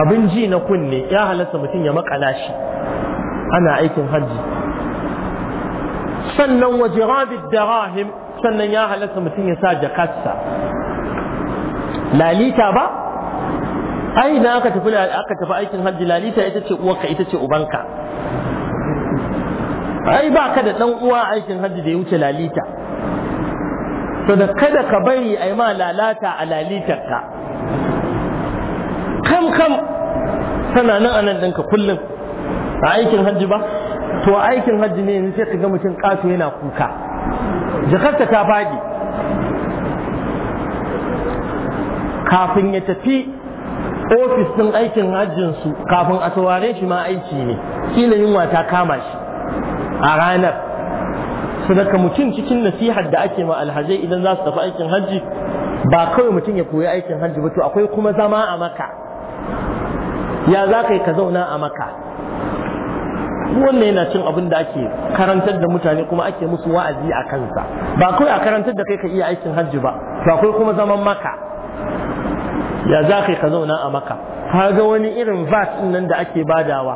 abin ji na kunne ya halatta mutum ya makala shi ana aikin hajji sannan wa jirabid darahim sannan ya halatta mutum ya sa jakarsa lalita ba ai idan aka tafi aka tafi aikin hajji lalita ita ce uwarka ita ce ubanka ai ba ka da dan uwa aikin hajji da ya wuce lalita to da kada ka bari ai ma lalata a lalitarka kam kam tana nan anan danka kullum a aikin hajji ba to aikin hajji ne sai ka ga mutum ƙato yana kuka jakarta ta faɗi kafin ya tafi ofis ɗin aikin su kafin a saurare shi ma aiki ne kila yunwa ta kama shi a ranar su daga mutum cikin nasihar da ake ma Alhaji idan za su tafi aikin hajji ba kawai mutum ya koyi aikin hajji ba to akwai kuma zama a maka ya za ka yi ka zauna a maka wannan yana cin abin da ake karantar da mutane kuma ake musu wa'azi a kansa ba kawai a karantar da kai ka iya aikin hajji ba to akwai kuma zaman maka ya za ka ka zauna a maka ka wani irin vat nan da ake badawa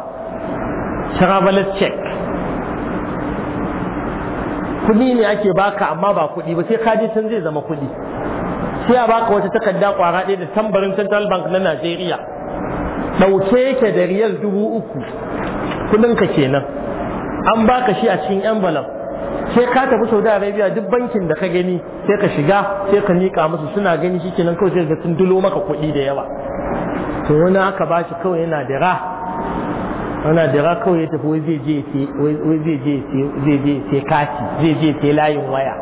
travel check kuɗi ne ake baka amma ba kuɗi ba sai kaji can zai zama kuɗi sai a baka wata takarda kwara ɗaya da tambarin central bank na najeriya ɗauke yake da riyal dubu uku kuɗinka kenan an baka shi a cikin envelope sai ka tafi Saudi Arabia duk bankin da ka gani sai ka shiga sai ka miƙa musu suna gani shi kenan kawai sai ga sun dulo maka kuɗi da yawa to wani aka ba shi kawai yana da ra ana da ra kawai ya tafi wai zai je zai je sai kati zai je sai layin waya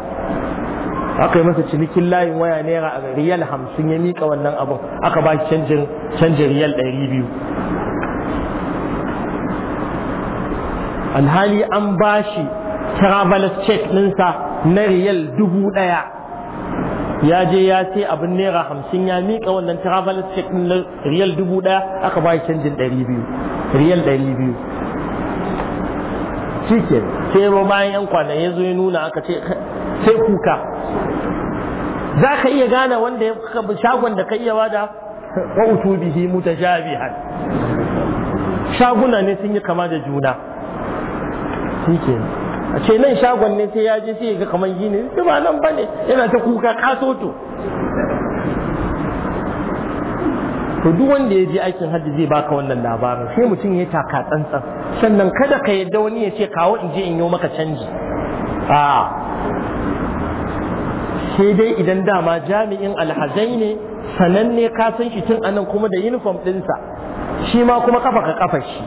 aka yi masa cinikin layin waya naira a riyal hamsin ya miƙa wannan abin aka ba shi canjin canjin riyal ɗari biyu alhali an ba shi travelers check ɗinsa na riyal dubu ɗaya ya je ya ce abin naira hamsin ya miƙa wannan travelers check ɗin na riyal dubu ɗaya aka ba canjin ɗari biyu riyal ɗari biyu Cikin. sai ba bayan yan kwanan ya zo ya nuna aka ce sai kuka za ka iya gane wanda ya shagon da ka iya wada wa utubihi mutashabihan shaguna ne sun yi kama da juna shi a ce nan shagon ne sai ya je sai ga kamar gini sai ba nan bane yana ta kuka kaso to to duk wanda ya je aikin hajji zai baka wannan labarin sai mutum ya taka tsantsan sannan kada ka yadda wani ya ce kawo in je in yi maka canji a sai dai idan dama jami'in alhazai ne sananne ka san shi tun anan kuma da uniform ɗinsa shi ma kuma kafa ka kafa shi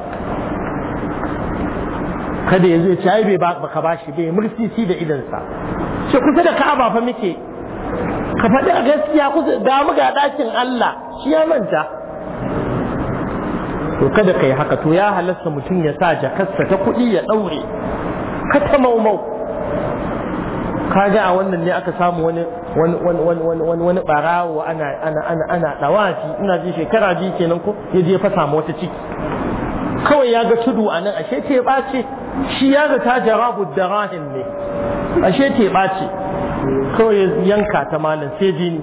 kada yanzu ya ce ai bai baka bashi bai mursisi da idansa shi kusa da ka'aba fa muke ka faɗi a gaskiya kusa da mu ga ɗakin Allah shi ya manta to kada kai haka to ya halasta mutum ya sa jakarsa ta kuɗi ya ɗaure ka ta maumau ga a wannan ne aka samu wani wani wani wani wani wani barawo ana ana ana ana dawafi ina ji shekara biyu kenan ko ya je fasa wata ciki kawai ya ga tudu a nan ashe teɓa ce shi ya ga ta jara darahin ne ashe teɓa ce kawai yanka ta malam sai jini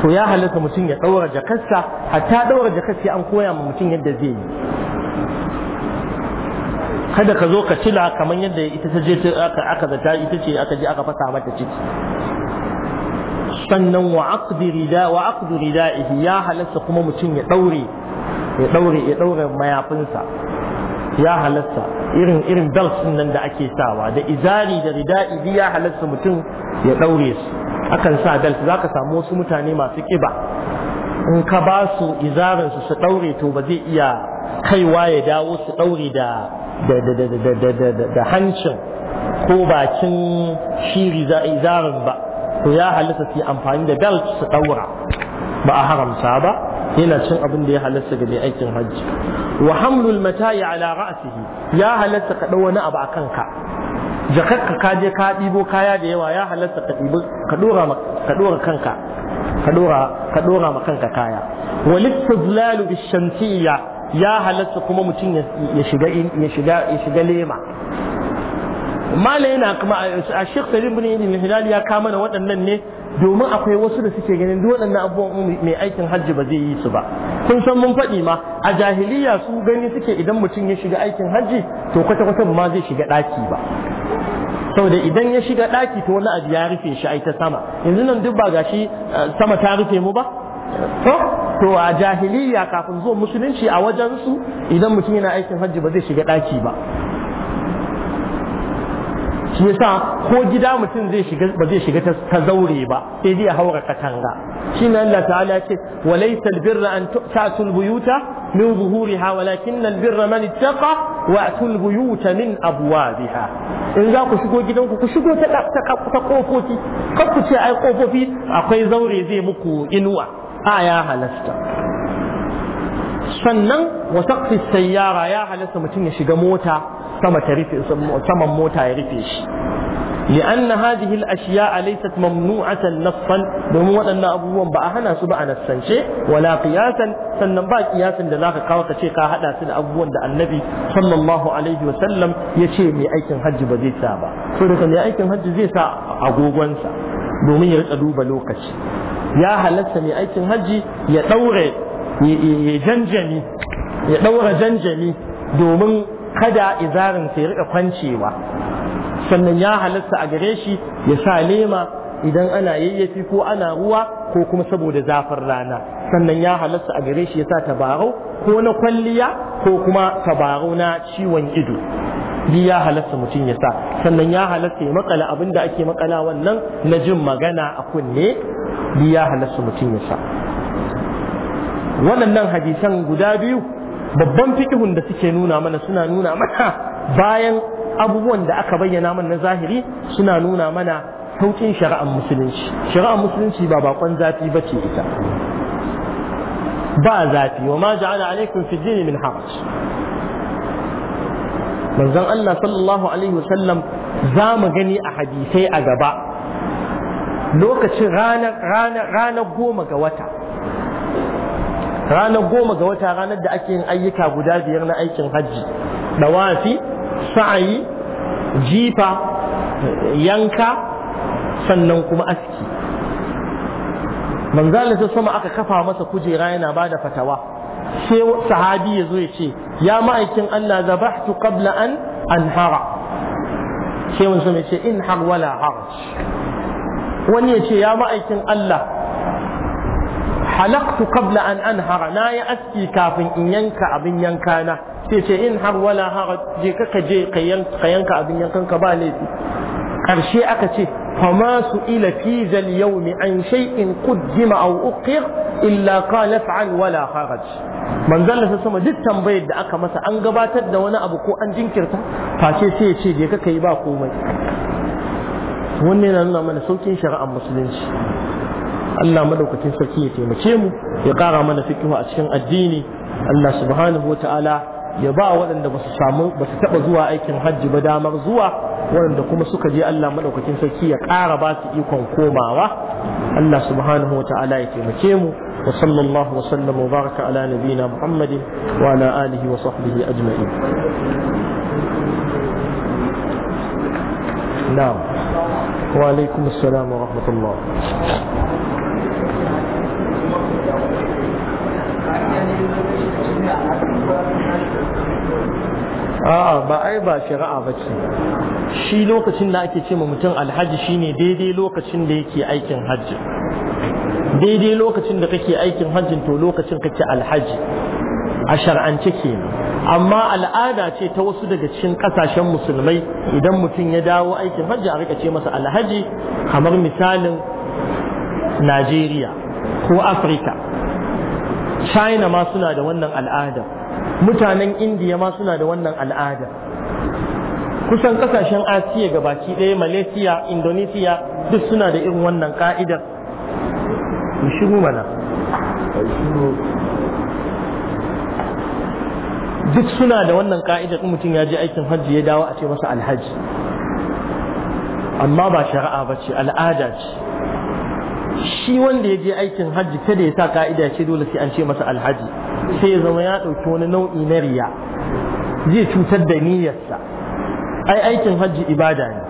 to ya halitta mutum ya ɗaura jakarsa hatta ɗaura jakarsa an koya ma mutum yadda zai yi kada ka zo ka cila kamar yadda ita ta je aka zata ita ce aka je aka fasa mata ciki sannan wa aqdi rida wa aqdi ridaihi ya halatta kuma mutum ya daure ya daure ya daure mayafinsa ya halatta irin irin belt nan da ake sawa da izari da ridai ya halatta mutum ya daure su akan sa belt zaka samu wasu mutane masu kiba in ka ba su izarin su su daure to ba zai iya kaiwa ya dawo su daure da da hancin ko bakin shi izarin ba to ya halitta su amfani da belt su ɗaura ba a haramta ba yana cin abin da ya halatta ga mai aikin hajji wa hamlul mata'i ala ra'sihi ya halatta ka wani abu a kanka jakakka ka je ka ɗibo kaya da yawa ya halatta ka ka ɗora ka kanka ka ɗora ka ɗora ma kanka kaya wal ya halatta kuma mutum ya shiga ya shiga ya shiga lema mala yana kuma a shek salim bin ibn hilali ya kama da waɗannan ne domin akwai wasu da suke ganin duk waɗannan abubuwan mai aikin hajji ba zai yi su ba kun san mun faɗi ma a jahiliya su gani suke idan mutum ya shiga aikin hajji to kwata kwata ma zai shiga ɗaki ba saboda idan ya shiga ɗaki to wani abu ya rufe shi ai ta sama yanzu nan duk ba gashi eh, sama ta rufe mu ba to a jahiliya kafin zuwa musulunci a wajen su idan mutum yana aikin hajji ba zai shiga ɗaki ba shi yasa ko gida mutum zai shiga ba zai shiga ta zaure ba sai dai ya haura katanga shine Allah ta'ala ya ce walaysa albirra an tu'tatu albuyuta min zuhuriha walakin albirra man ittaqa wa atul buyuta min abwabiha in za ku shigo gidanku ku shigo ta ta kofofi kar ku ce ai kofofi akwai zaure zai muku inuwa a ya halasta sannan wa taqfi sayyara ya halasta mutum ya shiga mota sama ta rufe saman mota ya rufe shi لأن هذه الأشياء ليست ممنوعة نصا دون أن أبوه بأهنا سبع نصا شيء ولا قياسا سنبا قياسا لذاك قوة شيء قاهدا سن أبوه دا النبي صلى الله عليه وسلم يشي مي أيكن حج بزي سابا سورة مي أيكن حج زي سا أبوه سا دون يرقدوب لوكش يا هلت مي أيكن حج يدور يجنجمي يدور جنجمي دومن kada izarin sai rika kwancewa sannan ya halatta a gare shi ya sa lema idan ana yayyafi ko ana ruwa ko kuma saboda zafin rana sannan ya halatta a gare shi ya sa tabarau ko na kwalliya ko kuma tabarau na ciwon ido bi ya halatta mutum ya sa sannan ya halatta ya makala abinda ake makala wannan na jin magana a kunne bi ya halatta mutum ya sa waɗannan hadisan guda biyu babban fikihun da suke nuna mana suna nuna mana bayan abubuwan da aka bayyana mana na zahiri suna nuna mana saukin shari'ar musulunci shari'ar musulunci ba bakon zafi ba ce ita ba zafi wa ma ja'ala alaikum fi dini min haraj manzon Allah sallallahu alaihi wasallam za mu gani a hadisai a gaba lokacin ranar goma ga wata ranar goma ga wata ranar da ake yin ayyuka guda biyar na aikin hajji dawafi sa'ayi jifa yanka sannan kuma aski manzalin sai sama aka kafa masa kujera yana ba da fatawa sai sahabi ya zo ya ce ya ma'aikin Allah zabahtu qabla an anhara sai wani sama ya ce in har wala har? wani ya ce ya ma'aikin Allah halaktu qabla an anhara na yi aski kafin in yanka abin yanka na sai ce in har wala hara je kaka je ka yanka abin yankan ka ba laifi karshe aka ce fama su ila fi zal yawmi an shay'in quddima aw uqir illa qala fa'al wala haraj manzon Allah sama duk tambayar da aka masa an gabatar da wani abu ko an jinkirta face sai ce je kaka yi ba komai wannan yana nuna mana saukin shari'ar musulunci Allah madaukakin sarki ya taimake mu ya kara mana fikihu a cikin addini Allah subhanahu wataala ya ba waɗanda ba su samu ba su taɓa zuwa aikin hajji ba damar zuwa waɗanda kuma suka je Allah madaukakin sarki ya ƙara ba su ikon komawa Allah subhanahu wataala ya taimake mu wa sallallahu wa sallam wa baraka ala nabiyina Muhammadin wa ala alihi wa sahbihi ajma'in na'am wa alaikum assalam wa rahmatullah a'a ba ai ba shari'a ba ce shi lokacin da ake ce ma mutum alhaji shine daidai lokacin da yake aikin hajji daidai lokacin da kake aikin hajji to lokacin kake alhaji a shar'ance kenan amma al'ada ce ta wasu daga cikin kasashen musulmai idan mutum ya dawo aikin hajji a rika masa alhaji kamar misalin Najeriya ko Afirka china ma suna da wannan al'ada mutanen India ma suna da wannan al'ada kusan kasashen asiya gabaki ɗaya malaysia indonesia duk suna da irin wannan ka'idar mu shiru mana duk suna da wannan ka'idar in mutum ya je aikin hajji ya dawo a ce masa alhaji amma ba shari'a ba ce al'ada ce shi wanda ya je aikin hajji kada ya sa ka'ida ce dole sai an ce masa alhaji sai ya zama ya ɗauki wani nau'i na riya zai cutar da niyyarsa ai aikin hajji ibada ne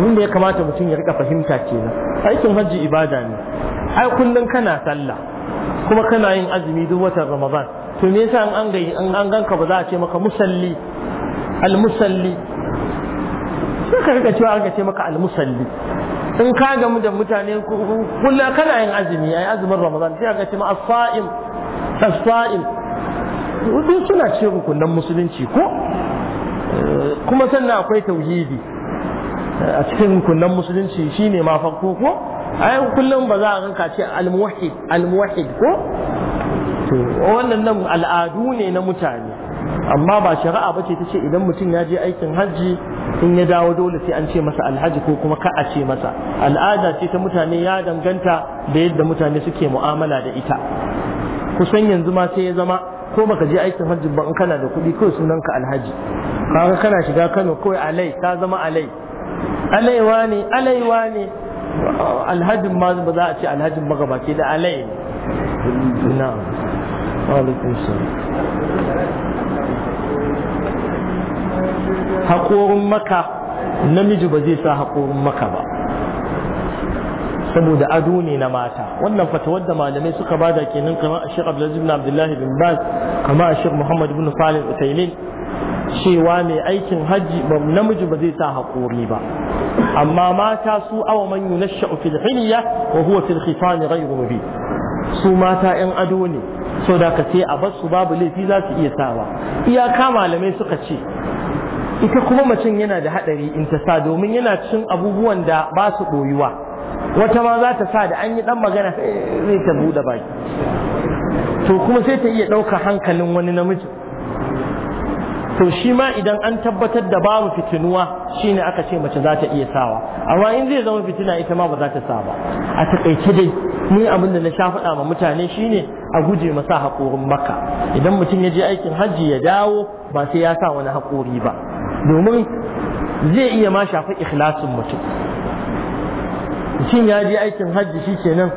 abin da ya kamata mutum ya rika fahimta kenan aikin hajji ibada ne ai kullum kana sallah kuma kana yin azumi duk watan ramadan to me yasa an an ganka ba za a ce maka musalli al musalli sai ka rika cewa ga ce maka al musalli in ka gamu da mutane kullum kana yin azumi yi azumin ramadan sai ga cewa as-sa'im as-sa'im duk suna cikin rukunan musulunci ko kuma sannan akwai tauhidi a cikin rukunan musulunci shine ma farko ko ai kullum ba za a ranka ce al-muwahhid al-muwahhid ko to wannan nan al'adu ne na mutane amma ba shari'a ba ce ta ce idan mutum ya je aikin hajji in ya dawo dole sai an ce masa alhaji ko kuma ka a ce masa al'ada ce ta mutane ya danganta da yadda mutane suke mu'amala da ita kusan yanzu ma sai ya zama ko baka je aikin hajji ba in kana da kuɗi kawai sunan ka alhaji kaga kana shiga Kano kawai alai ta zama alai alaiwa ne alaiwa ne alhajin ma ba za a ce alhajin magabaki da alai na'am haƙorin maka namiji ba zai sa haƙorin maka ba saboda ado ne na mata wannan fatawar da malamai suka bada kenan kamar ashir abdullahi bin abdullahi bin baz kamar ashir muhammad bin salih utaimin cewa mai aikin hajji ba namiji ba zai sa haƙori ba amma mata su awa man na fil hilya wa huwa fil khitani ghayru mubin su mata yan ado ne so da ka sai a basu babu laifi za su iya sawa iyaka malamai suka ce ita kuma mace yana da haɗari in ta sa domin yana cin abubuwan da ba su ɗoyuwa wata ma za ta sa da an yi ɗan magana eh, zai ta buɗe baki to kuma sai ta iya ɗauka hankalin wani namiji to shi ma idan an tabbatar da babu fitinuwa shine aka ce mace za ta iya sawa amma in zai zama fitina ita ma ba za ta sa ba a takaice dai ni abin da na sha faɗa ma mutane shine a guje masa haƙorin maka idan mutum ya je aikin hajji ya dawo ba sai ya sa wani haƙori ba domin zai iya ma shafi ikhlasin mutum mutum ya je aikin hajji shi eh, kenan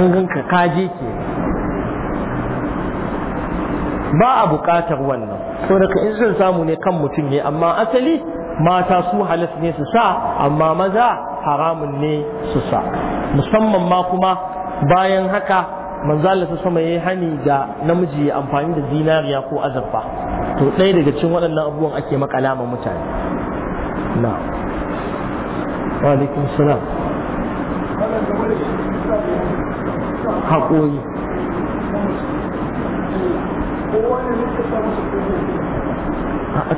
an ganka kaje ke ba a buƙatar wannan ko daga in son samu ne kan mutum ne amma asali mata su halas ne su sa amma maza haramun ne su sa musamman ma kuma bayan haka manzala ta sama yayi hani da namiji ya amfani da zinariya ko azurfa to ɗaya daga cikin waɗannan abubuwan ake makala ma mutane na wa alaikum salam haƙoyi a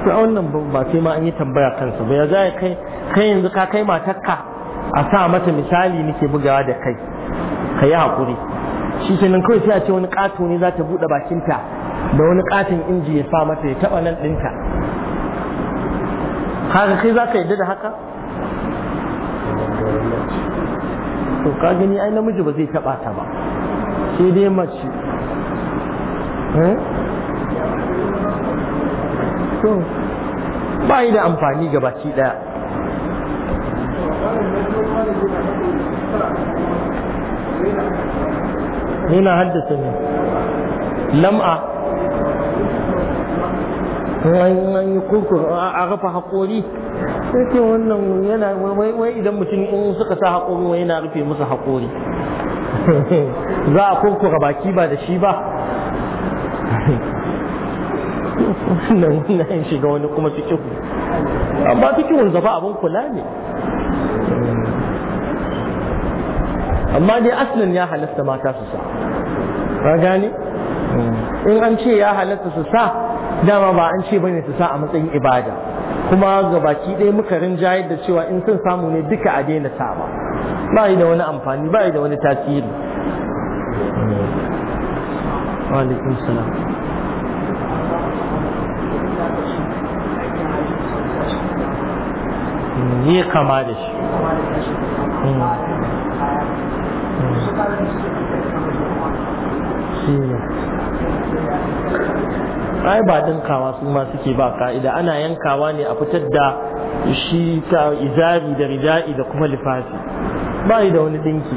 to wannan ba sai ma an yi tambaya kansa ba ya zai kai kai yanzu ka kai matakka a sa mata misali nake bugawa da kai ka yi hakuri shi kenan kawai sai a ce wani ƙato ne za ta buɗe bakinta da wani ƙaton inji ya sa mata ya taɓa nan ɗinta haka kai za ka yadda da haka to ka gani ai namiji ba zai taɓa ta ba sai dai mace Eh? ba yi da amfani ga baki ɗaya nuna haddasa ne lam'a an yi kurkur a rufe haƙori sai ce wannan yana wai idan mutum in suka sa haƙori wai yana rufe musu haƙori za a kurkura baki ba da shi ba wannan wannan shiga wani kuma fikihu amma fikihun zaba abin kula ne amma dai asalin ya halatta mata su sa ka gane in an ce ya halatta su sa dama ba an ce bane su sa a matsayin ibada kuma ga baki ɗaya muka rinjayar da cewa in sun samu ne duka a daina sa ba ba yi da wani amfani ba yi da wani tasiri alaikum salam ne kama da shi hmm. Hmm. ai ba kawa su ma suke ba ka'ida ana yankawa ne a fitar da shi ta izari da rija'i da kuma lifafi ba da wani dinki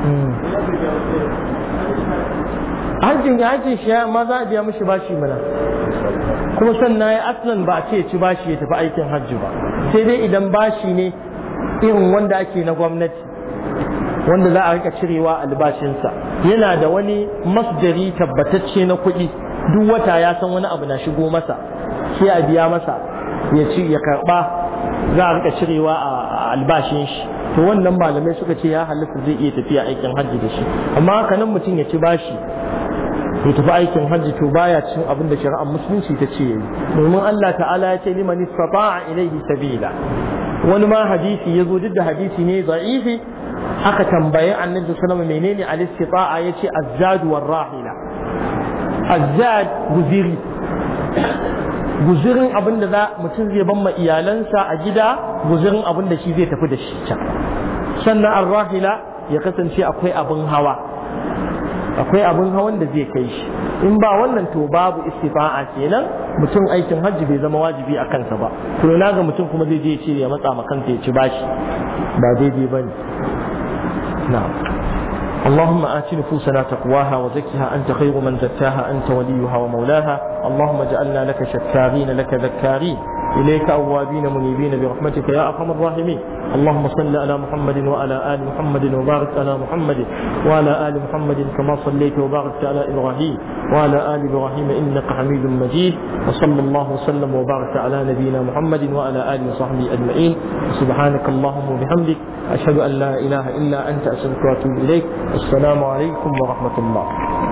hmm. hajjin hajjin shi ma za a biya ba bashi mana kuma sannan ya aslan ba a ce ci bashi ya tafi aikin hajji ba sai dai idan bashi ne irin wanda ake na gwamnati wanda za a rika cirewa albashinsa yana da wani masjari tabbatacce na kuɗi duk wata ya san wani abu na shigo masa sai a biya masa ya ci ya karba za a rika cirewa a albashin shi to wannan malamai suka ce ya halitta zai iya tafiya aikin hajji da shi amma haka nan mutum ya ci bashi ya tafi aikin hajji to baya cin abin da shari'ar musulunci ta ce yayi domin Allah ta'ala ya ce liman istata'a ilayhi sabila wani ma hadisi ya zo duk da hadisi ne za'ifi aka tambayi annabi sallallahu menene al-istita'a yace azzad war rahila azzad guziri guzirin abin da mutum zai ban ma iyalansa a gida guzirin abin da shi zai tafi da shi can sannan ar-rahila ya kasance akwai abin hawa akwai abin hawan da zai kai shi in ba wannan to babu istifa'a kenan mutum aikin hajji bai zama wajibi a kansa ba to na ga mutum kuma zai je ya ce ya matsa ma kansa ya ci bashi ba daidai bane na'am اللهم آت نفوسنا تقواها وزكها أنت خير من زكاها أنت وليها ومولاها اللهم اجعلنا لك شكارين لك ذكارين إليك أوابين منيبين برحمتك يا أرحم الراحمين اللهم صل على محمد وعلى آل محمد وبارك على محمد وعلى آل محمد كما صليت وباركت على إبراهيم وعلى آل إبراهيم إنك حميد مجيد وصلى الله وسلم وبارك على نبينا محمد وعلى آل وصحبه أجمعين سبحانك اللهم وبحمدك أشهد أن لا إله إلا أنت أستغفرك وأتوب إليك السلام عليكم ورحمة الله